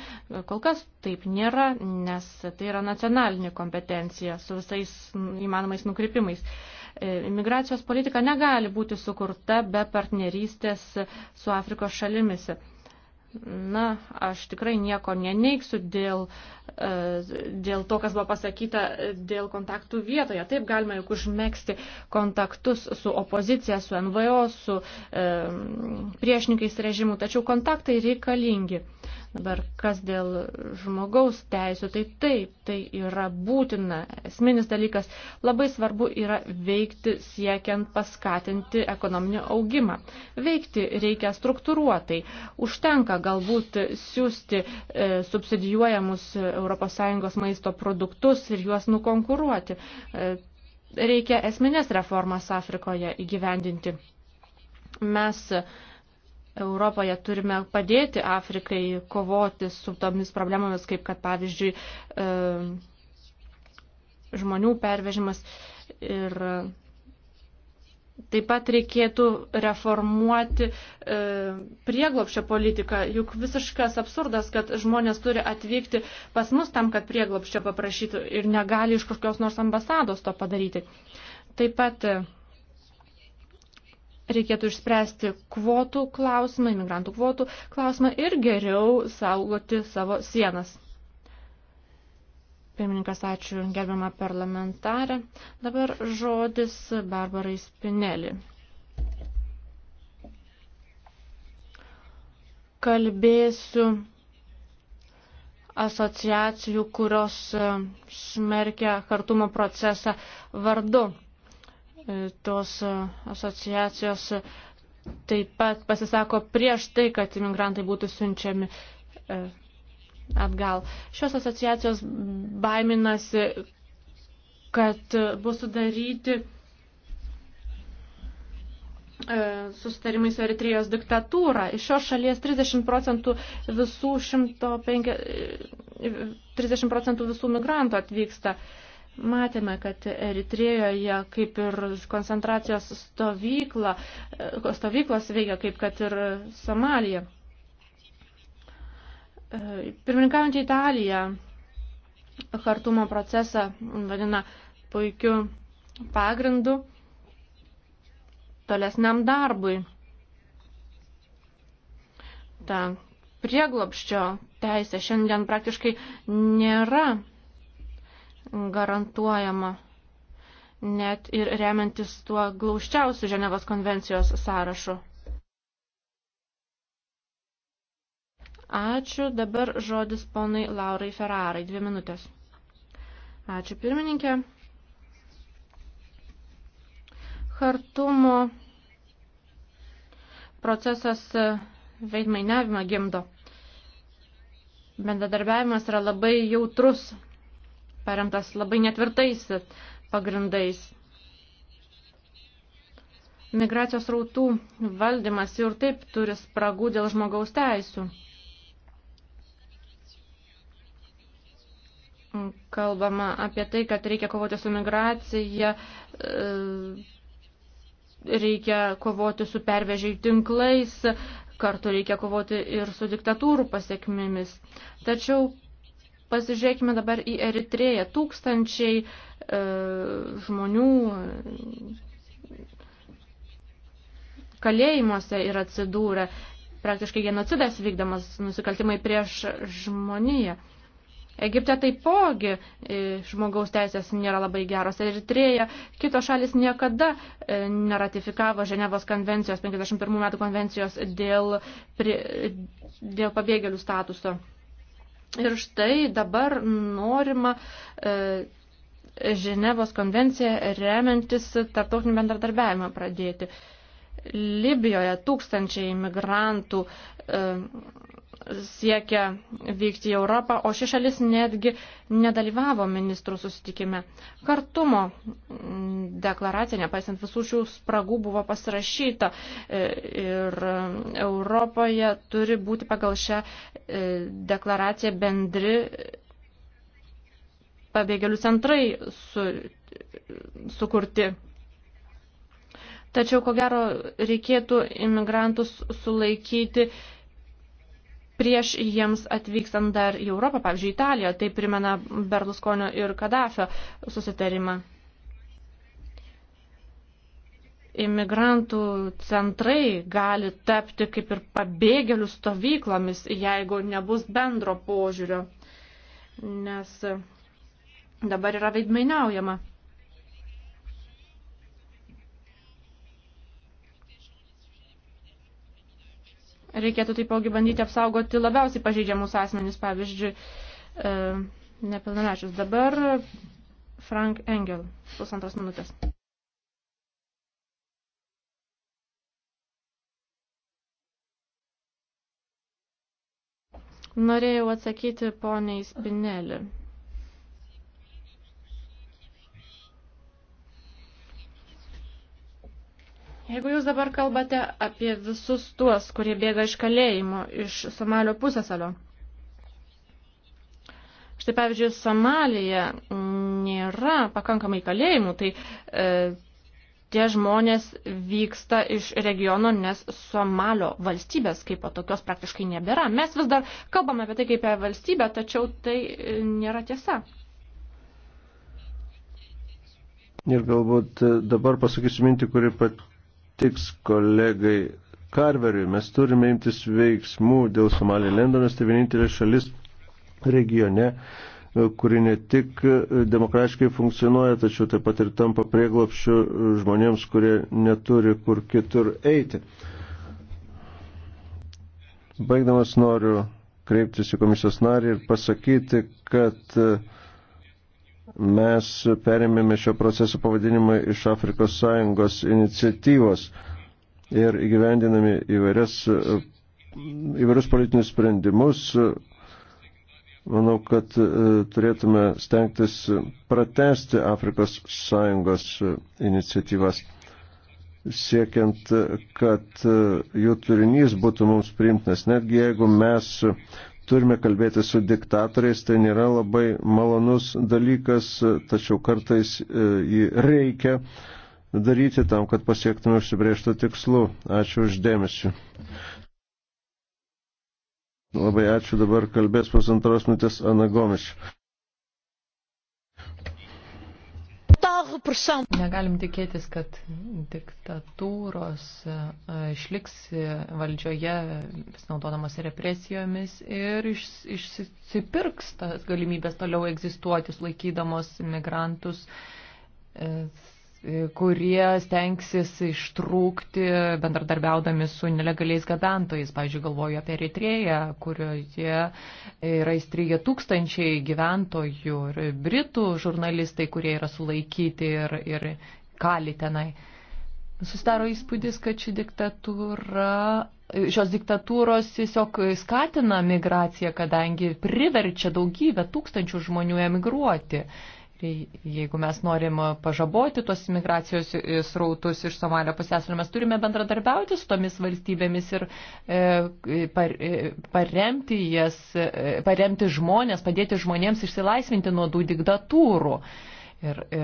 Kol kas taip nėra, nes tai yra nacionalinė kompetencija su visais įmanomais nukrypimais. E, imigracijos politika negali būti sukurta be partnerystės su Afrikos šalimis. Na, aš tikrai nieko neneiksiu dėl, e, dėl to, kas buvo pasakyta e, dėl kontaktų vietoje. Taip galima juk užmėgsti kontaktus su opozicija, su NVO, su e, priešininkais režimu, tačiau kontaktai reikalingi. Dabar kas dėl žmogaus teisų, tai taip, tai yra būtina, esminis dalykas. Labai svarbu yra veikti siekiant paskatinti ekonominį augimą. Veikti reikia struktūruotai. Užtenka galbūt siūsti e, subsidijuojamus ES maisto produktus ir juos nukonkuruoti. E, reikia esminės reformas Afrikoje įgyvendinti. Mes Europoje turime padėti Afrikai kovoti su tomis problemomis, kaip kad pavyzdžiui e, žmonių pervežimas ir e, taip pat reikėtų reformuoti e, prieglopščio politiką, juk visiškas absurdas, kad žmonės turi atvykti pas mus tam, kad prieglopščio paprašytų ir negali iš kokios nors ambasados to padaryti. Taip pat reikėtų išspręsti kvotų klausimą, imigrantų kvotų klausimą ir geriau saugoti savo sienas. Pirmininkas, ačiū gerbiamą parlamentarę. Dabar žodis Barbarai Spinelį. Kalbėsiu asociacijų, kurios smerkia kartumo procesą vardu tos asociacijos taip pat pasisako prieš tai, kad imigrantai būtų siunčiami e, atgal. Šios asociacijos baiminasi, kad bus sudaryti e, susitarimai su Eritrijos diktatūra. Iš šios šalies 30 procentų visų, 105, 30 e, procentų visų migrantų atvyksta uh, Matėme, kad Eritrėjoje kaip ir koncentracijos stovykla, stovyklos veikia kaip kad ir Somalija. E, Pirmininkaujant į Italiją, kartumo procesą vadina puikiu pagrindu tolesniam darbui. Ta prieglopščio teisė šiandien praktiškai nėra garantuojama net ir remiantis tuo glaučiausiu Ženevos konvencijos sąrašu. Ačiū. Dabar žodis ponai Laurai Ferrarai. Dvi minutės. Ačiū pirmininkė. Hartumo procesas veidmainiavimą gimdo. Bendradarbiavimas yra labai jautrus paremtas labai netvirtais pagrindais. Migracijos rautų valdymas jau ir taip turi spragų dėl žmogaus teisų. Kalbama apie tai, kad reikia kovoti su migracija, e, reikia kovoti su pervežiai tinklais, kartu reikia kovoti ir su diktatūrų pasiekmėmis. Tačiau Pasižiūrėkime dabar į Eritreją. Tūkstančiai e, žmonių e, kalėjimuose yra atsidūrę. Praktiškai genocidas vykdamas nusikaltimai prieš žmoniją. Egipte taipogi e, žmogaus teisės nėra labai geros. Eritrėja, kitos šalis niekada e, neratifikavo Ženevos konvencijos, 51 metų konvencijos dėl, prie, dėl pabėgėlių statuso. Ir štai dabar norima e, Ženevos konvenciją remiantis tarptautinį bendradarbiavimą pradėti. Libijoje tūkstančiai imigrantų e, siekia vykti į Europą, o ši šalis netgi nedalyvavo ministrų susitikime. Kartumo deklaracija, nepaisant visų šių spragų, buvo pasirašyta e, ir Europoje turi būti pagal šią e, deklaraciją bendri pabėgėlių centrai su, sukurti. Tačiau, ko gero, reikėtų imigrantus sulaikyti prieš jiems atvykstant dar į Europą, pavyzdžiui, Italiją, tai primena Berlusconio ir Kadafio susitarimą. Imigrantų centrai gali tapti kaip ir pabėgėlių stovyklomis, jeigu nebus bendro požiūrio, nes dabar yra veidmainiaujama. reikėtų taipogi bandyti apsaugoti labiausiai pažeidžiamus asmenis, pavyzdžiui, e, nepilnamečius. Dabar Frank Engel, pusantros minutės. Norėjau atsakyti poniai Spinelį. Jeigu jūs dabar kalbate apie visus tuos, kurie bėga iš kalėjimo, iš Somalio pusėsalio. Štai pavyzdžiui, Somalija nėra pakankamai kalėjimų, tai e, tie žmonės vyksta iš regiono, nes Somalio valstybės kaip po tokios praktiškai nebėra. Mes vis dar kalbame apie tai kaip apie valstybę, tačiau tai e, nėra tiesa. Ir galbūt e, dabar pasakysiu mintį, kuri pat netiks kolegai Karveriui. Mes turime imtis veiksmų dėl Somalį Lendonas, tai vienintelė šalis regione, kuri ne tik demokratiškai funkcionuoja, tačiau taip pat ir tampa prieglopščių žmonėms, kurie neturi kur kitur eiti. Baigdamas noriu kreiptis į komisijos narį ir pasakyti, kad uh, Mes perėmėme šio proceso pavadinimą iš Afrikos Sąjungos iniciatyvos ir įgyvendinami įvairias, įvairius politinius sprendimus. Manau, kad e, turėtume stengtis pratesti Afrikos Sąjungos e, iniciatyvas siekiant, kad e, jų turinys būtų mums priimtinas. Netgi jeigu mes turime kalbėti su diktatoriais, tai nėra labai malonus dalykas, tačiau kartais e, jį reikia daryti tam, kad pasiektume užsibrėžtą tikslų. Ačiū uždėmesiu. Labai ačiū dabar kalbės pusantros minutės Ana Gomiš. Negalim tikėtis, kad diktatūros e, išliks valdžioje, pasinaudodamas represijomis ir iš, išsipirks tas galimybės toliau egzistuoti, sulaikydamos migrantus e, kurie stengsis ištrūkti bendradarbiaudami su nelegaliais gabentojais. Pavyzdžiui, galvoju apie Eritrėją, kurioje yra įstrigę tūkstančiai gyventojų ir britų žurnalistai, kurie yra sulaikyti ir, ir kali tenai. Susidaro įspūdis, kad ši diktatūra, šios diktatūros tiesiog skatina migraciją, kadangi priverčia daugybę tūkstančių žmonių emigruoti. Jeigu mes norim pažaboti tos migracijos srautus iš Somalio pusėsalio, mes turime bendradarbiauti su tomis valstybėmis ir e, par, e, paremti, jas, e, paremti žmonės, padėti žmonėms išsilaisvinti nuo tų diktatūrų. E, Ir e,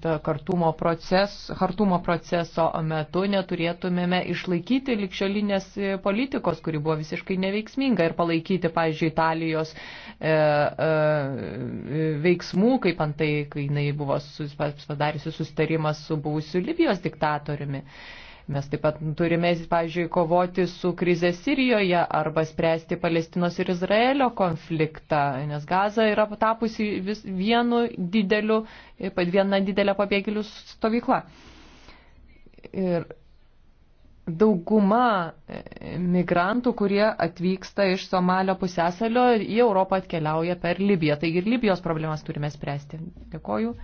ta kartumo, proces, kartumo proceso metu neturėtumėme išlaikyti likščiolinės e, politikos, kuri buvo visiškai neveiksminga ir palaikyti, pavyzdžiui, Italijos e, e, veiksmų, kaip antai, kai jinai buvo padariusi susitarimas su buvusiu Libijos diktatoriumi. E, Mes taip pat turime, pavyzdžiui, kovoti su krize Sirijoje arba spręsti Palestinos ir Izraelio konfliktą, nes Gaza yra tapusi vis vienu dideliu, viena didelė pabėgėlių stovykla. Ir dauguma migrantų, kurie atvyksta iš Somalio pusėsalio, į Europą atkeliauja per Libiją. Taigi ir Libijos problemas turime spręsti. Dėkoju.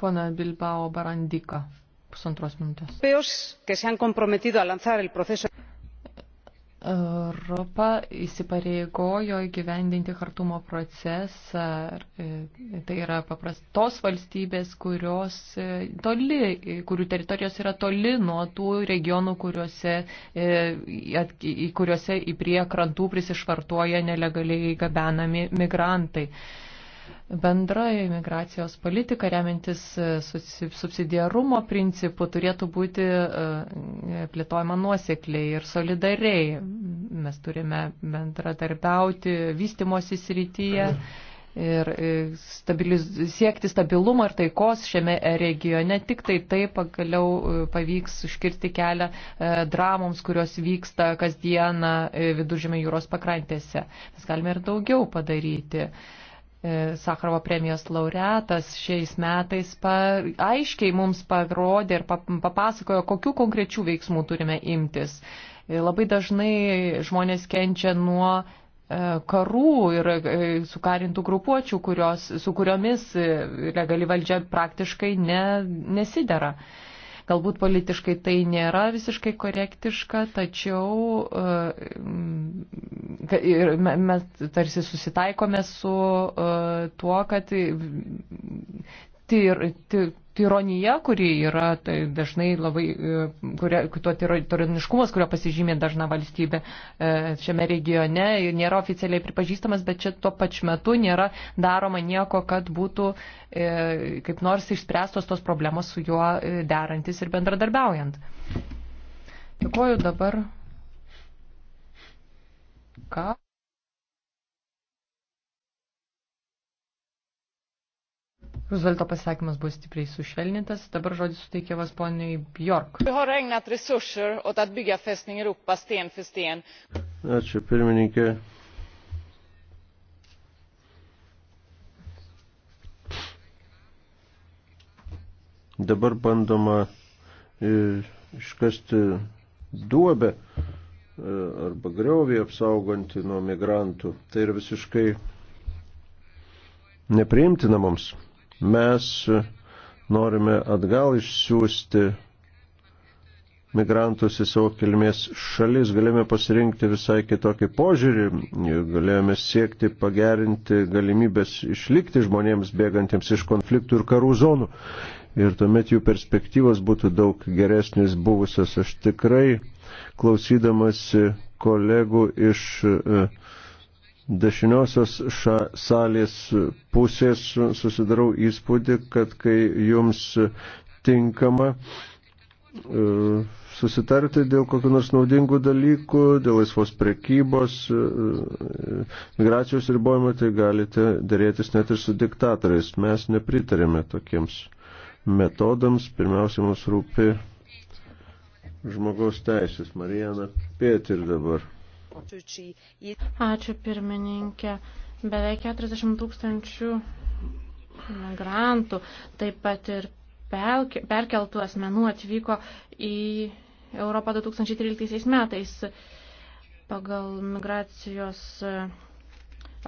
Pona Bilbao Barandika, pusantros minutės. Europa įsipareigojo įgyvendinti kartumo procesą. Tai yra paprastos valstybės, kurios e, toli, kurių teritorijos yra toli nuo tų regionų, kuriuose, e, kuriuose į prie krantų prisišvartuoja nelegaliai gabenami migrantai bendra imigracijos politika, remiantis e, subsidiarumo principu, turėtų būti e, plėtojama nuosekliai ir solidariai. Mes turime bendradarbiauti vystimosi srityje ir e, stabiliz, siekti stabilumo ir taikos šiame regione. Tik tai taip pagaliau pavyks užkirti kelią dramoms, kurios vyksta kasdieną viduržėmė jūros pakrantėse. Mes galime ir daugiau padaryti. E, Sakarovo premijos laureatas šiais metais pa, aiškiai mums parodė ir papasakojo, kokiu konkrečiu veiksmu turime imtis. E, labai dažnai žmonės kenčia nuo e, karų ir sukarintų grupuočių, kurios, su kuriomis legali valdžia praktiškai ne, nesidera. Galbūt politiškai tai nėra visiškai korektiška, tačiau e, ir mes tarsi susitaikome su e, tuo, kad tyr, tyr, tironija, kuri yra tai dažnai labai, e, kuria, tuo tironiškumas, kurio pasižymė dažna valstybė e, šiame regione ir nėra oficialiai pripažįstamas, bet čia tuo pačiu metu nėra daroma nieko, kad būtų e, kaip nors išspręstos tos problemos su juo derantis ir bendradarbiaujant. Dėkuoju dabar. Ką? Ruzvelto pasakymas buvo stipriai sušvelnintas, dabar žodis suteikiamas poniai Bjork. Ačiū pirmininkė. Dabar bandoma e, iškasti duobę e, arba griovį apsaugantį nuo migrantų. Tai yra visiškai nepriimtina mums. Mes norime atgal išsiųsti migrantus į savo kilmės šalis, galėjome pasirinkti visai kitokį požiūrį, galėjome siekti pagerinti galimybės išlikti žmonėms bėgantiems iš konfliktų ir karų zonų. Ir tuomet jų perspektyvos būtų daug geresnės buvusios. Aš tikrai klausydamasi kolegų iš uh, dešiniosios ša, salės pusės susidarau įspūdį, kad kai jums tinkama e, susitarti dėl kokių nors naudingų dalykų, dėl laisvos prekybos, e, migracijos ribojimo, tai galite dėrėtis net ir su diktatoriais. Mes nepritarėme tokiems metodams. Pirmiausia, mums rūpi žmogaus teisės. Marijana Pietir dabar. Ačiū pirmininkė. Beveik 40 tūkstančių migrantų, taip pat ir perkeltų asmenų atvyko į Europą 2013 metais. Pagal migracijos e,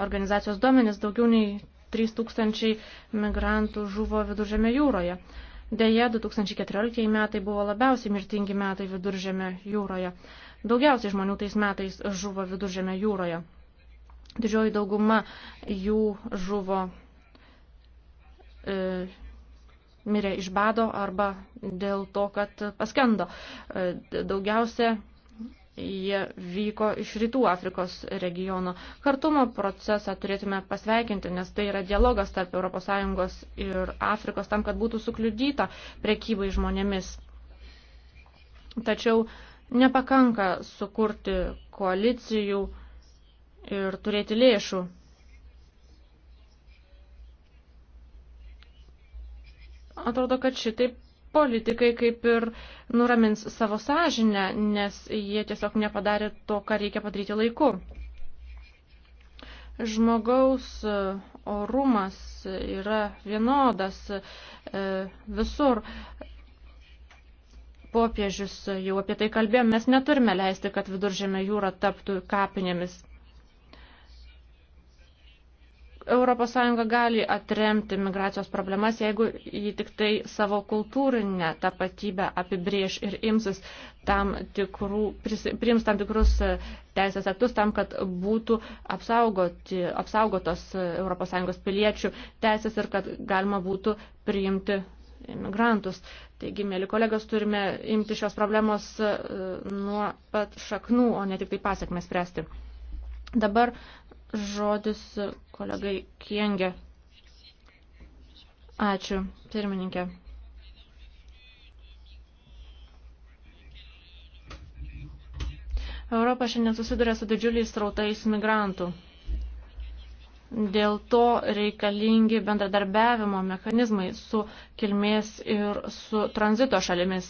organizacijos duomenis daugiau nei 3 tūkstančiai migrantų žuvo viduržėme jūroje. Deja, 2014 metai buvo labiausiai mirtingi metai viduržėme jūroje. Daugiausiai žmonių tais metais žuvo viduržėme jūroje. Didžioji dauguma jų žuvo e, mirė iš bado arba dėl to, kad paskendo. E, daugiausia jie vyko iš rytų Afrikos regiono. Kartumo procesą turėtume pasveikinti, nes tai yra dialogas tarp ES ir Afrikos tam, kad būtų sukliudyta prekybai žmonėmis. Tačiau Nepakanka sukurti koalicijų ir turėti lėšų. Atrodo, kad šitaip politikai kaip ir nuramins savo sąžinę, nes jie tiesiog nepadarė to, ką reikia padaryti laiku. Žmogaus orumas yra vienodas e, visur popiežius jau apie tai kalbėjo, mes neturime leisti, kad viduržėme jūra taptų kapinėmis. ES gali atremti migracijos problemas, jeigu jį tik tai savo kultūrinę tapatybę apibrieš ir imsis tam tikrų, priims tam tikrus teisės aktus tam, kad būtų apsaugoti, apsaugotos ES piliečių teisės ir kad galima būtų priimti imigrantus. Taigi, mėly kolegos, turime imti šios problemos e, nuo pat šaknų, o ne tik tai pasiekmes spręsti. Dabar žodis kolegai Kiengė. Ačiū, pirmininkė. Europa šiandien susiduria su didžiuliais strautais migrantų. Dėl to reikalingi bendradarbiavimo mechanizmai su kilmės ir su tranzito šalimis.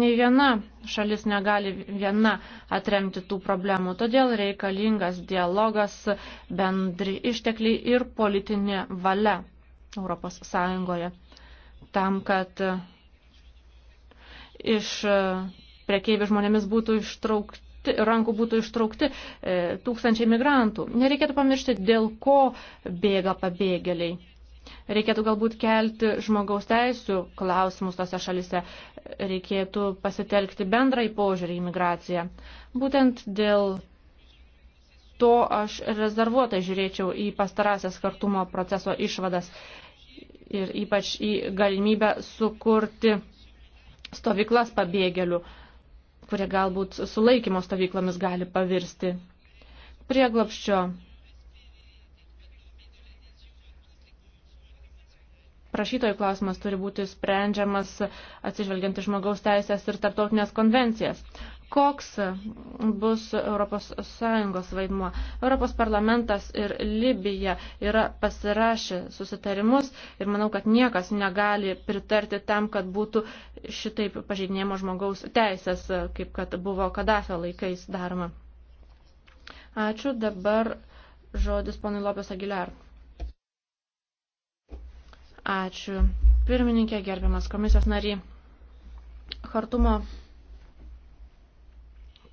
Nei viena šalis negali viena atremti tų problemų, todėl reikalingas dialogas, bendri ištekliai ir politinė valia Europos Sąjungoje. Tam, kad iš prekeivių žmonėmis būtų ištraukti ištraukti, rankų būtų ištraukti e, tūkstančiai migrantų. Nereikėtų pamiršti, dėl ko bėga pabėgėliai. Reikėtų galbūt kelti žmogaus teisų klausimus tose šalise. Reikėtų pasitelkti bendrai požiūrį į migraciją. Būtent dėl to aš rezervuotai žiūrėčiau į pastarąsias kartumo proceso išvadas ir ypač į galimybę sukurti stovyklas pabėgėlių kurie galbūt sulaikymo stovyklomis gali pavirsti. Prieglapščio prašytojų klausimas turi būti sprendžiamas atsižvelgiant į žmogaus teisės ir tarptautinės konvencijas koks bus ES vaidmuo. Europos parlamentas ir Libija yra pasirašę susitarimus ir manau, kad niekas negali pritarti tam, kad būtų šitaip pažeidinėjimo žmogaus teisės, kaip kad buvo Kadafio laikais daroma. Ačiū. Dabar žodis ponui Lopės Aguilar. Ačiū. Pirmininkė, gerbiamas komisijos nariai. Hartumo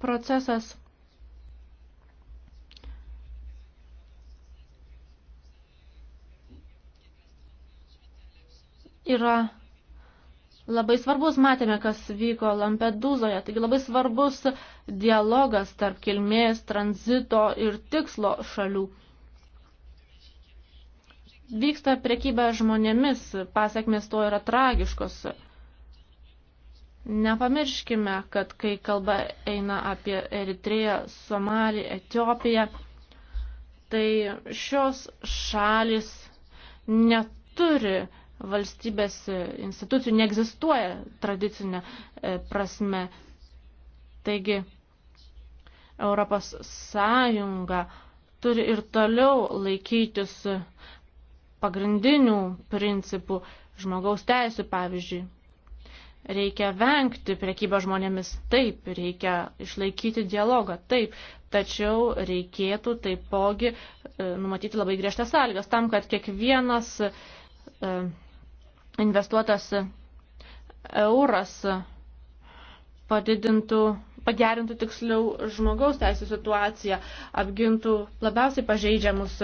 procesas. Yra labai svarbus, matėme, kas vyko Lampedūzoje, taigi labai svarbus dialogas tarp kilmės, tranzito ir tikslo šalių. Vyksta prekyba žmonėmis, pasiekmės to yra tragiškos. Nepamirškime, kad kai kalba eina apie Eritreją, Somalį, Etiopiją, tai šios šalis neturi valstybės institucijų, neegzistuoja tradicinė e, prasme. Taigi, Europos Sąjunga turi ir toliau laikytis pagrindinių principų žmogaus teisų, pavyzdžiui. Reikia vengti prekybą žmonėmis, taip, reikia išlaikyti dialogą, taip, tačiau reikėtų taipogi e, numatyti labai griežtas sąlygas tam, kad kiekvienas e, investuotas euras padidintų, pagerintų tiksliau žmogaus teisų situaciją, apgintų labiausiai pažeidžiamus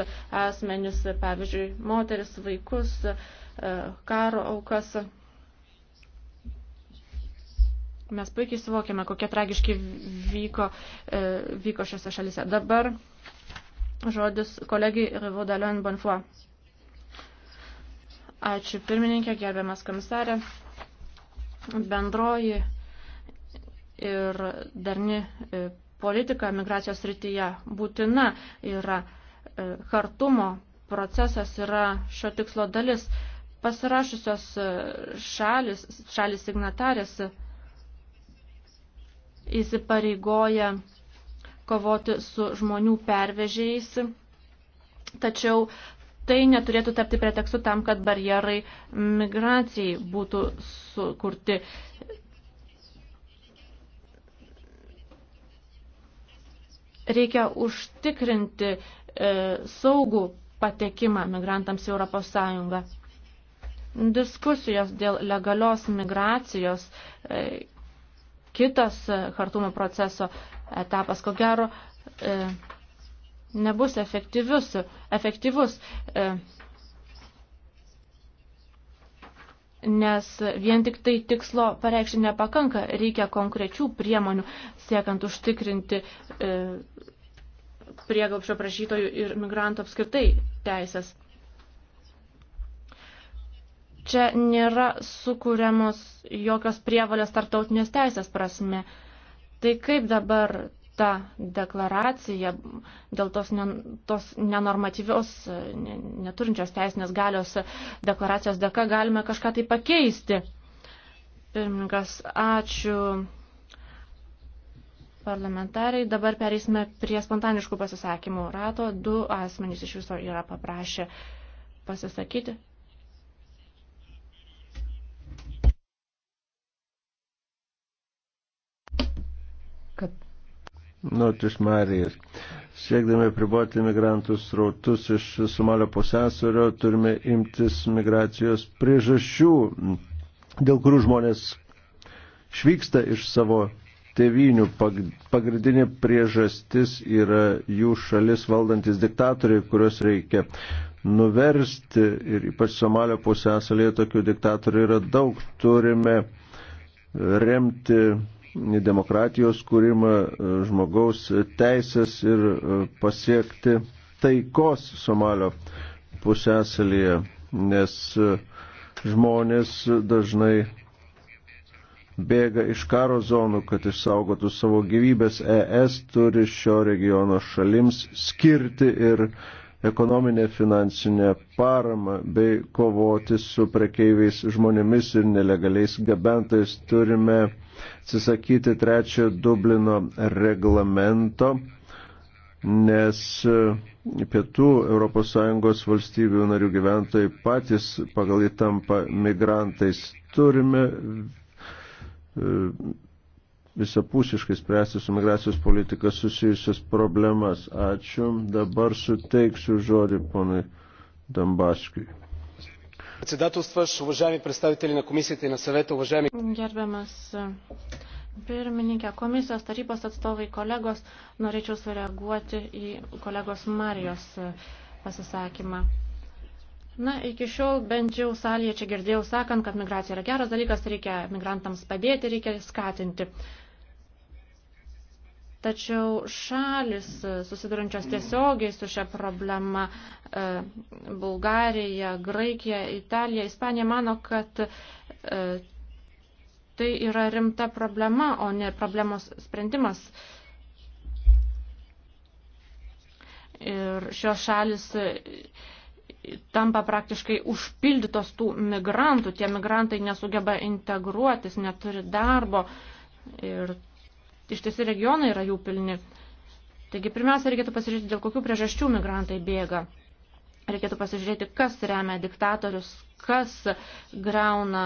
asmenis, pavyzdžiui, moteris, vaikus, e, karo aukas. Mes puikiai suvokiame, kokie tragiški vyko, e, vyko šiuose šalise. Dabar žodis kolegijai Rivaudalion Bonfoy. Ačiū pirmininkė, gerbiamas komisarė. Bendroji ir darni e, politika migracijos rytyje būtina yra e, kartumo procesas yra šio tikslo dalis. Pasirašusios šalis, šalis signatarės įsipareigoja kovoti su žmonių pervežėjais, tačiau tai neturėtų tapti pretekstu tam, kad barjerai migracijai būtų sukurti. Reikia užtikrinti e, saugų patekimą migrantams į Europos Sąjungą. Diskusijos dėl legalios migracijos e, kitas e, kartumo proceso etapas, ko gero, e, nebus efektyvius, efektyvus, e, nes vien tik tai tikslo pareikšti nepakanka, reikia konkrečių priemonių siekiant užtikrinti prieglapšio prašytojų ir migrantų apskritai teisės čia nėra sukūriamos jokios prievalės tartautinės teisės prasme. Tai kaip dabar ta deklaracija dėl tos, ne, tos nenormatyvios, ne, neturinčios teisinės galios deklaracijos dėka galime kažką tai pakeisti? Pirmininkas, ačiū parlamentarai. Dabar pereisime prie spontaniškų pasisakymų rato. Du asmenys iš viso yra paprašę pasisakyti. kad. Notis nu, Marijas. Siekdami priboti migrantų srautus iš Somalio pusęsario, turime imtis migracijos priežasčių, dėl kurių žmonės švyksta iš savo tevinių. Pagrindinė priežastis yra jų šalis valdantis diktatoriai, kuriuos reikia nuversti. Ir ypač Somalio pusėsalėje tokių diktatorių yra daug. Turime remti demokratijos kūrimą, e, žmogaus teisės ir e, pasiekti taikos Somalio pusėsalyje, nes e, žmonės dažnai bėga iš karo zonų, kad išsaugotų savo gyvybės. ES turi šio regiono šalims skirti ir ekonominę finansinę paramą bei kovoti su prekeiviais žmonėmis ir nelegaliais gabentais. Turime atsisakyti trečio Dublino reglamento, nes e, pietų ES valstybių narių gyventojai patys pagal įtampą migrantais turime e, visapusiškai spręsti su migracijos politika susijusias problemas. Ačiū. Dabar suteiksiu žodį ponui Dambaškiui. Председателстваш, уважаеми представители на комисията и на съвета, уважаеми... Gerbiamas pirmininkė, komisijos tarybos atstovai kolegos, norėčiau sureaguoti į kolegos Marijos e, pasisakymą. Na, iki šiol bent jau salėje čia girdėjau sakant, kad migracija yra geras dalykas, reikia migrantams padėti, reikia skatinti. Tačiau šalis e, susidurančios tiesiogiai su šia problema e, – Bulgarija, Graikija, Italija, Ispanija – mano, kad e, tai yra rimta problema, o ne problemos sprendimas. Ir šios šalis tampa praktiškai užpildytos tų migrantų. Tie migrantai nesugeba integruotis, neturi darbo. Ir iš tiesų regionai yra jų pilni. Taigi pirmiausia, reikėtų pasižiūrėti, dėl kokių priežasčių migrantai bėga. Reikėtų pasižiūrėti, kas remia diktatorius, kas grauna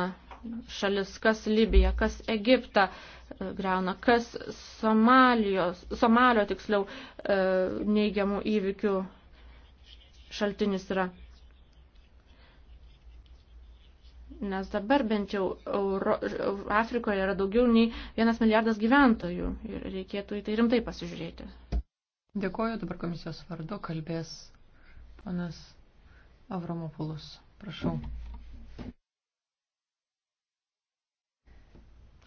šalis, kas Libiją, kas Egiptą e, grauna, kas Somalijos, Somalio tiksliau e, neigiamų įvykių šaltinis yra. Nes dabar bent jau Euro, Afrikoje yra daugiau nei vienas milijardas gyventojų ir reikėtų į tai rimtai pasižiūrėti. Dėkoju, dabar komisijos vardu kalbės ponas Avramopoulos. Prašau.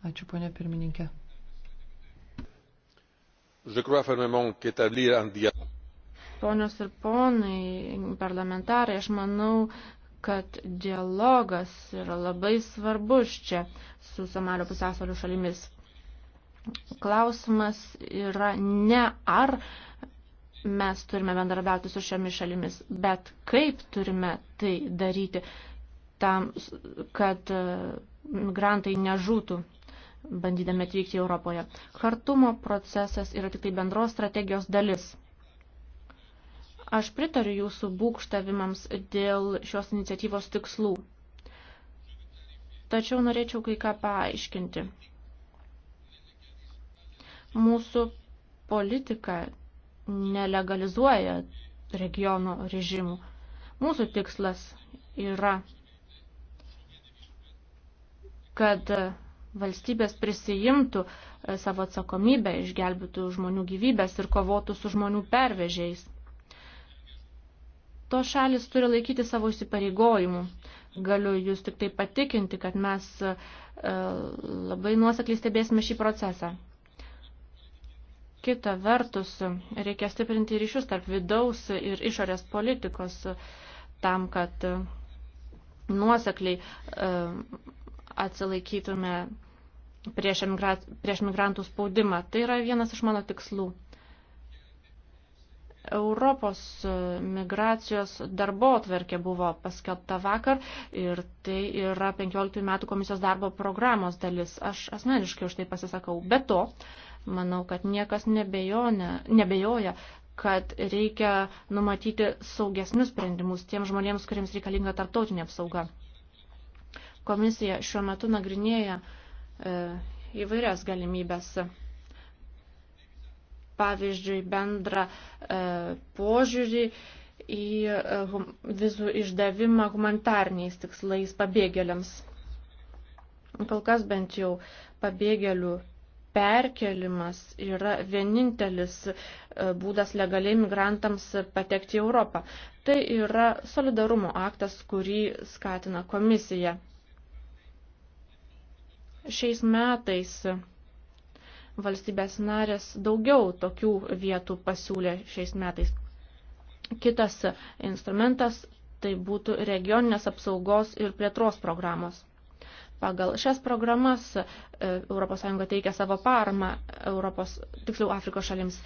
Ačiū, ponė pirmininkė. Je crois fermement qu'établir un dialogue ponios ir ponai parlamentarai, aš manau, kad dialogas yra labai svarbus čia su Somalio pusiausvalių šalimis. Klausimas yra ne ar mes turime bendrabiauti su šiomis šalimis, bet kaip turime tai daryti tam, kad e, migrantai nežūtų bandydami atvykti Europoje. Kartumo procesas yra tik tai bendros strategijos dalis. Aš pritariu jūsų būkštavimams dėl šios iniciatyvos tikslų. Tačiau norėčiau kai ką paaiškinti. Mūsų politika nelegalizuoja regionų režimų. Mūsų tikslas yra, kad valstybės prisijimtų e, savo atsakomybę, išgelbėtų žmonių gyvybės ir kovotų su žmonių pervežiais. To šalis turi laikyti savo įsipareigojimų. Galiu jūs tik tai patikinti, kad mes e, labai nuosekliai stebėsime šį procesą. Kita vertus, reikia stiprinti ryšius tarp vidaus ir išorės politikos tam, kad nuosekliai e, atsilaikytume prieš, migra prieš migrantų spaudimą. Tai yra vienas iš mano tikslų. Europos e, migracijos darbo atverkė buvo paskelbta vakar ir tai yra 15 metų komisijos darbo programos dalis. Aš asmeniškai už tai pasisakau. Be to, manau, kad niekas nebejonė, nebejoja, kad reikia numatyti saugesnius sprendimus tiems žmonėms, kuriems reikalinga tarptautinė apsauga. Komisija šiuo metu nagrinėja e, įvairias galimybės pavyzdžiui, bendrą e, požiūrį į e, vizų išdavimą humanitarniais tikslais pabėgėliams. Kol kas bent jau pabėgėlių perkelimas yra vienintelis e, būdas legaliai migrantams patekti į Europą. Tai yra solidarumo aktas, kurį skatina komisija. Šiais metais valstybės narės daugiau tokių vietų pasiūlė šiais metais. Kitas instrumentas tai būtų regioninės apsaugos ir plėtros programos. Pagal šias programas ES teikia savo paramą Europos, tiksliau Afrikos šalims,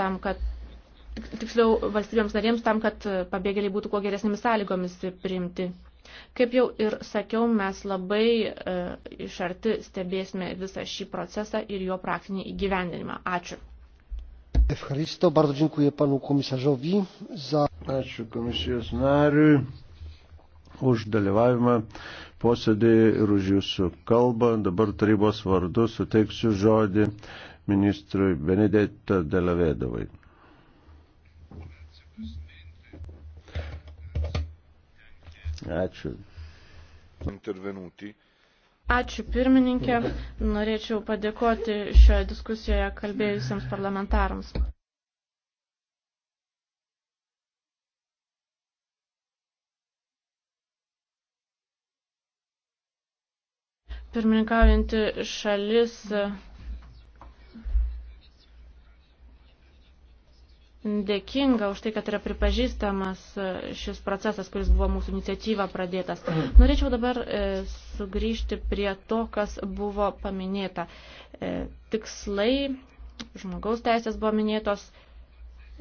tam, kad tiksliau valstybėms narėms tam, kad pabėgėliai būtų kuo geresnėmis sąlygomis priimti Kaip jau ir sakiau, mes labai e, iš arti stebėsime visą šį procesą ir jo praktinį įgyvendinimą. Ačiū. Efharisto, bardzo dziękuję panu komisarzowi za... Ačiū komisijos nariui už dalyvavimą posėdėje ir už jūsų kalbą. Dabar tarybos vardu suteiksiu žodį ministrui Benedetto Delavedovai. Ačiū. Intervenuti. Ačiū pirmininkė. Norėčiau padėkoti šioje diskusijoje kalbėjusiems parlamentarams. Pirmininkaujanti šalis dėkinga už tai, kad yra pripažįstamas e, šis procesas, kuris buvo mūsų iniciatyva pradėtas. Norėčiau dabar e, sugrįžti prie to, kas buvo paminėta. E, tikslai, žmogaus teisės buvo minėtos,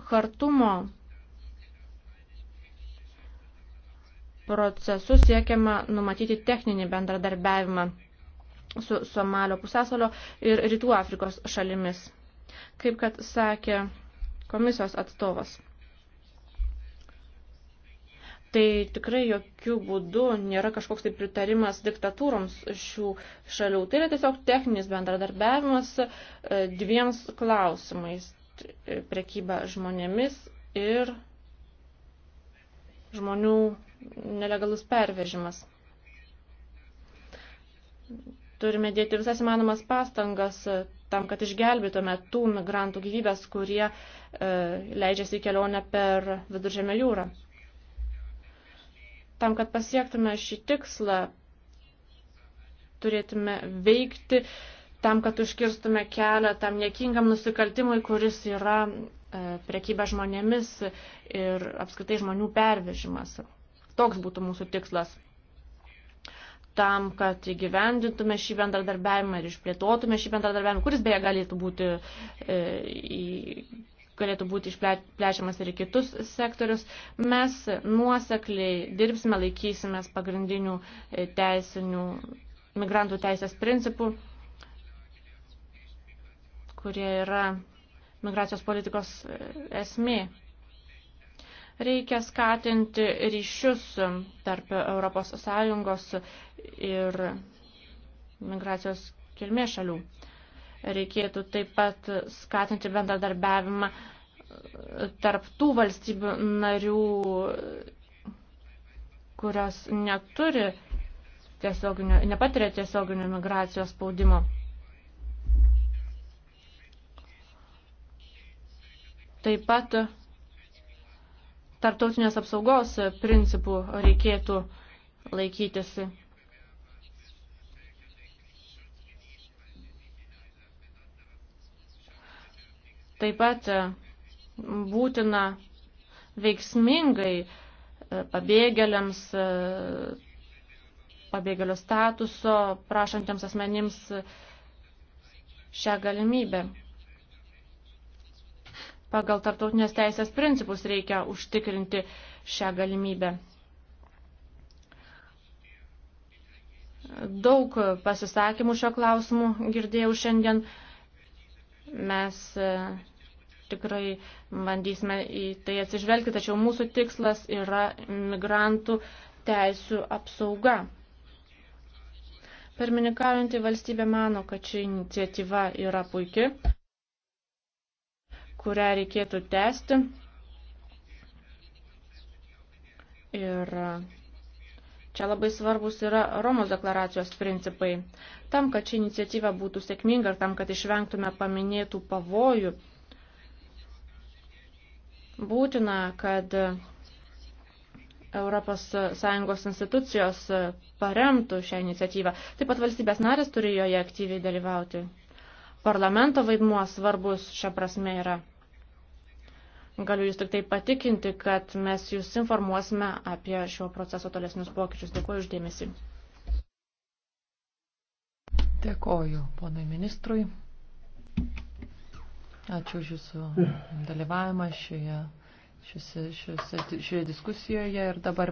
hartumo procesu siekiama numatyti techninį bendradarbiavimą su Somalio pusėsalio ir Rytų Afrikos šalimis. Kaip kad sakė komisijos atstovas. Tai tikrai jokių būdų nėra kažkoks tai pritarimas diktatūroms šių šalių. Tai yra tiesiog techninis bendradarbiavimas e, dviems klausimais - prekyba žmonėmis ir žmonių nelegalus pervežimas. Turime dėti visas įmanomas pastangas tam, kad išgelbėtume tų migrantų gyvybės, kurie e, leidžiasi į kelionę per viduržėmę jūrą. Tam, kad pasiektume šį tikslą, turėtume veikti tam, kad užkirstume kelią tam niekingam nusikaltimui, kuris yra e, prekyba žmonėmis ir apskritai žmonių pervežimas. Toks būtų mūsų tikslas tam, kad įgyvendintume šį bendradarbiavimą ir išplėtotume šį bendradarbiavimą, kuris beje galėtų būti, e, galėtų būti išplečiamas ir į kitus sektorius. Mes nuosekliai dirbsime, laikysimės pagrindinių e, teisinių, migrantų teisės principų, kurie yra migracijos politikos e, esmė. Reikia skatinti ryšius tarp ES ir migracijos kilmės šalių. Reikėtų taip pat skatinti bendradarbiavimą tarp tų valstybių narių, kurios neturi tiesioginio, nepatiria tiesioginio migracijos spaudimo. Taip pat tarptautinės apsaugos principų reikėtų laikytėsi. Taip pat būtina veiksmingai pabėgėliams, pabėgėlio statuso prašantiems asmenims šią galimybę pagal tartautinės teisės principus reikia užtikrinti šią galimybę. Daug pasisakymų šio klausimu girdėjau šiandien. Mes e, tikrai bandysime į tai atsižvelgti, tačiau mūsų tikslas yra migrantų teisų apsauga. Pirmininkaujantį valstybę mano, kad ši iniciatyva yra puikia kurią reikėtų tęsti. Ir čia labai svarbus yra Romos deklaracijos principai. Tam, kad ši iniciatyva būtų sėkminga ir tam, kad išvengtume paminėtų pavojų, būtina, kad ES institucijos paremtų šią iniciatyvą. Taip pat valstybės narės turi joje aktyviai dalyvauti. Parlamento vaidmuo svarbus šią prasme yra. Galiu jūs tik tai patikinti, kad mes jūs informuosime apie šio proceso tolesnius pokyčius. Dėkuoju uždėmesi. Dėkuoju ponui ministrui. Ačiū už jūsų dalyvavimą šioje, šiose, šiose, šioje diskusijoje ir dabar.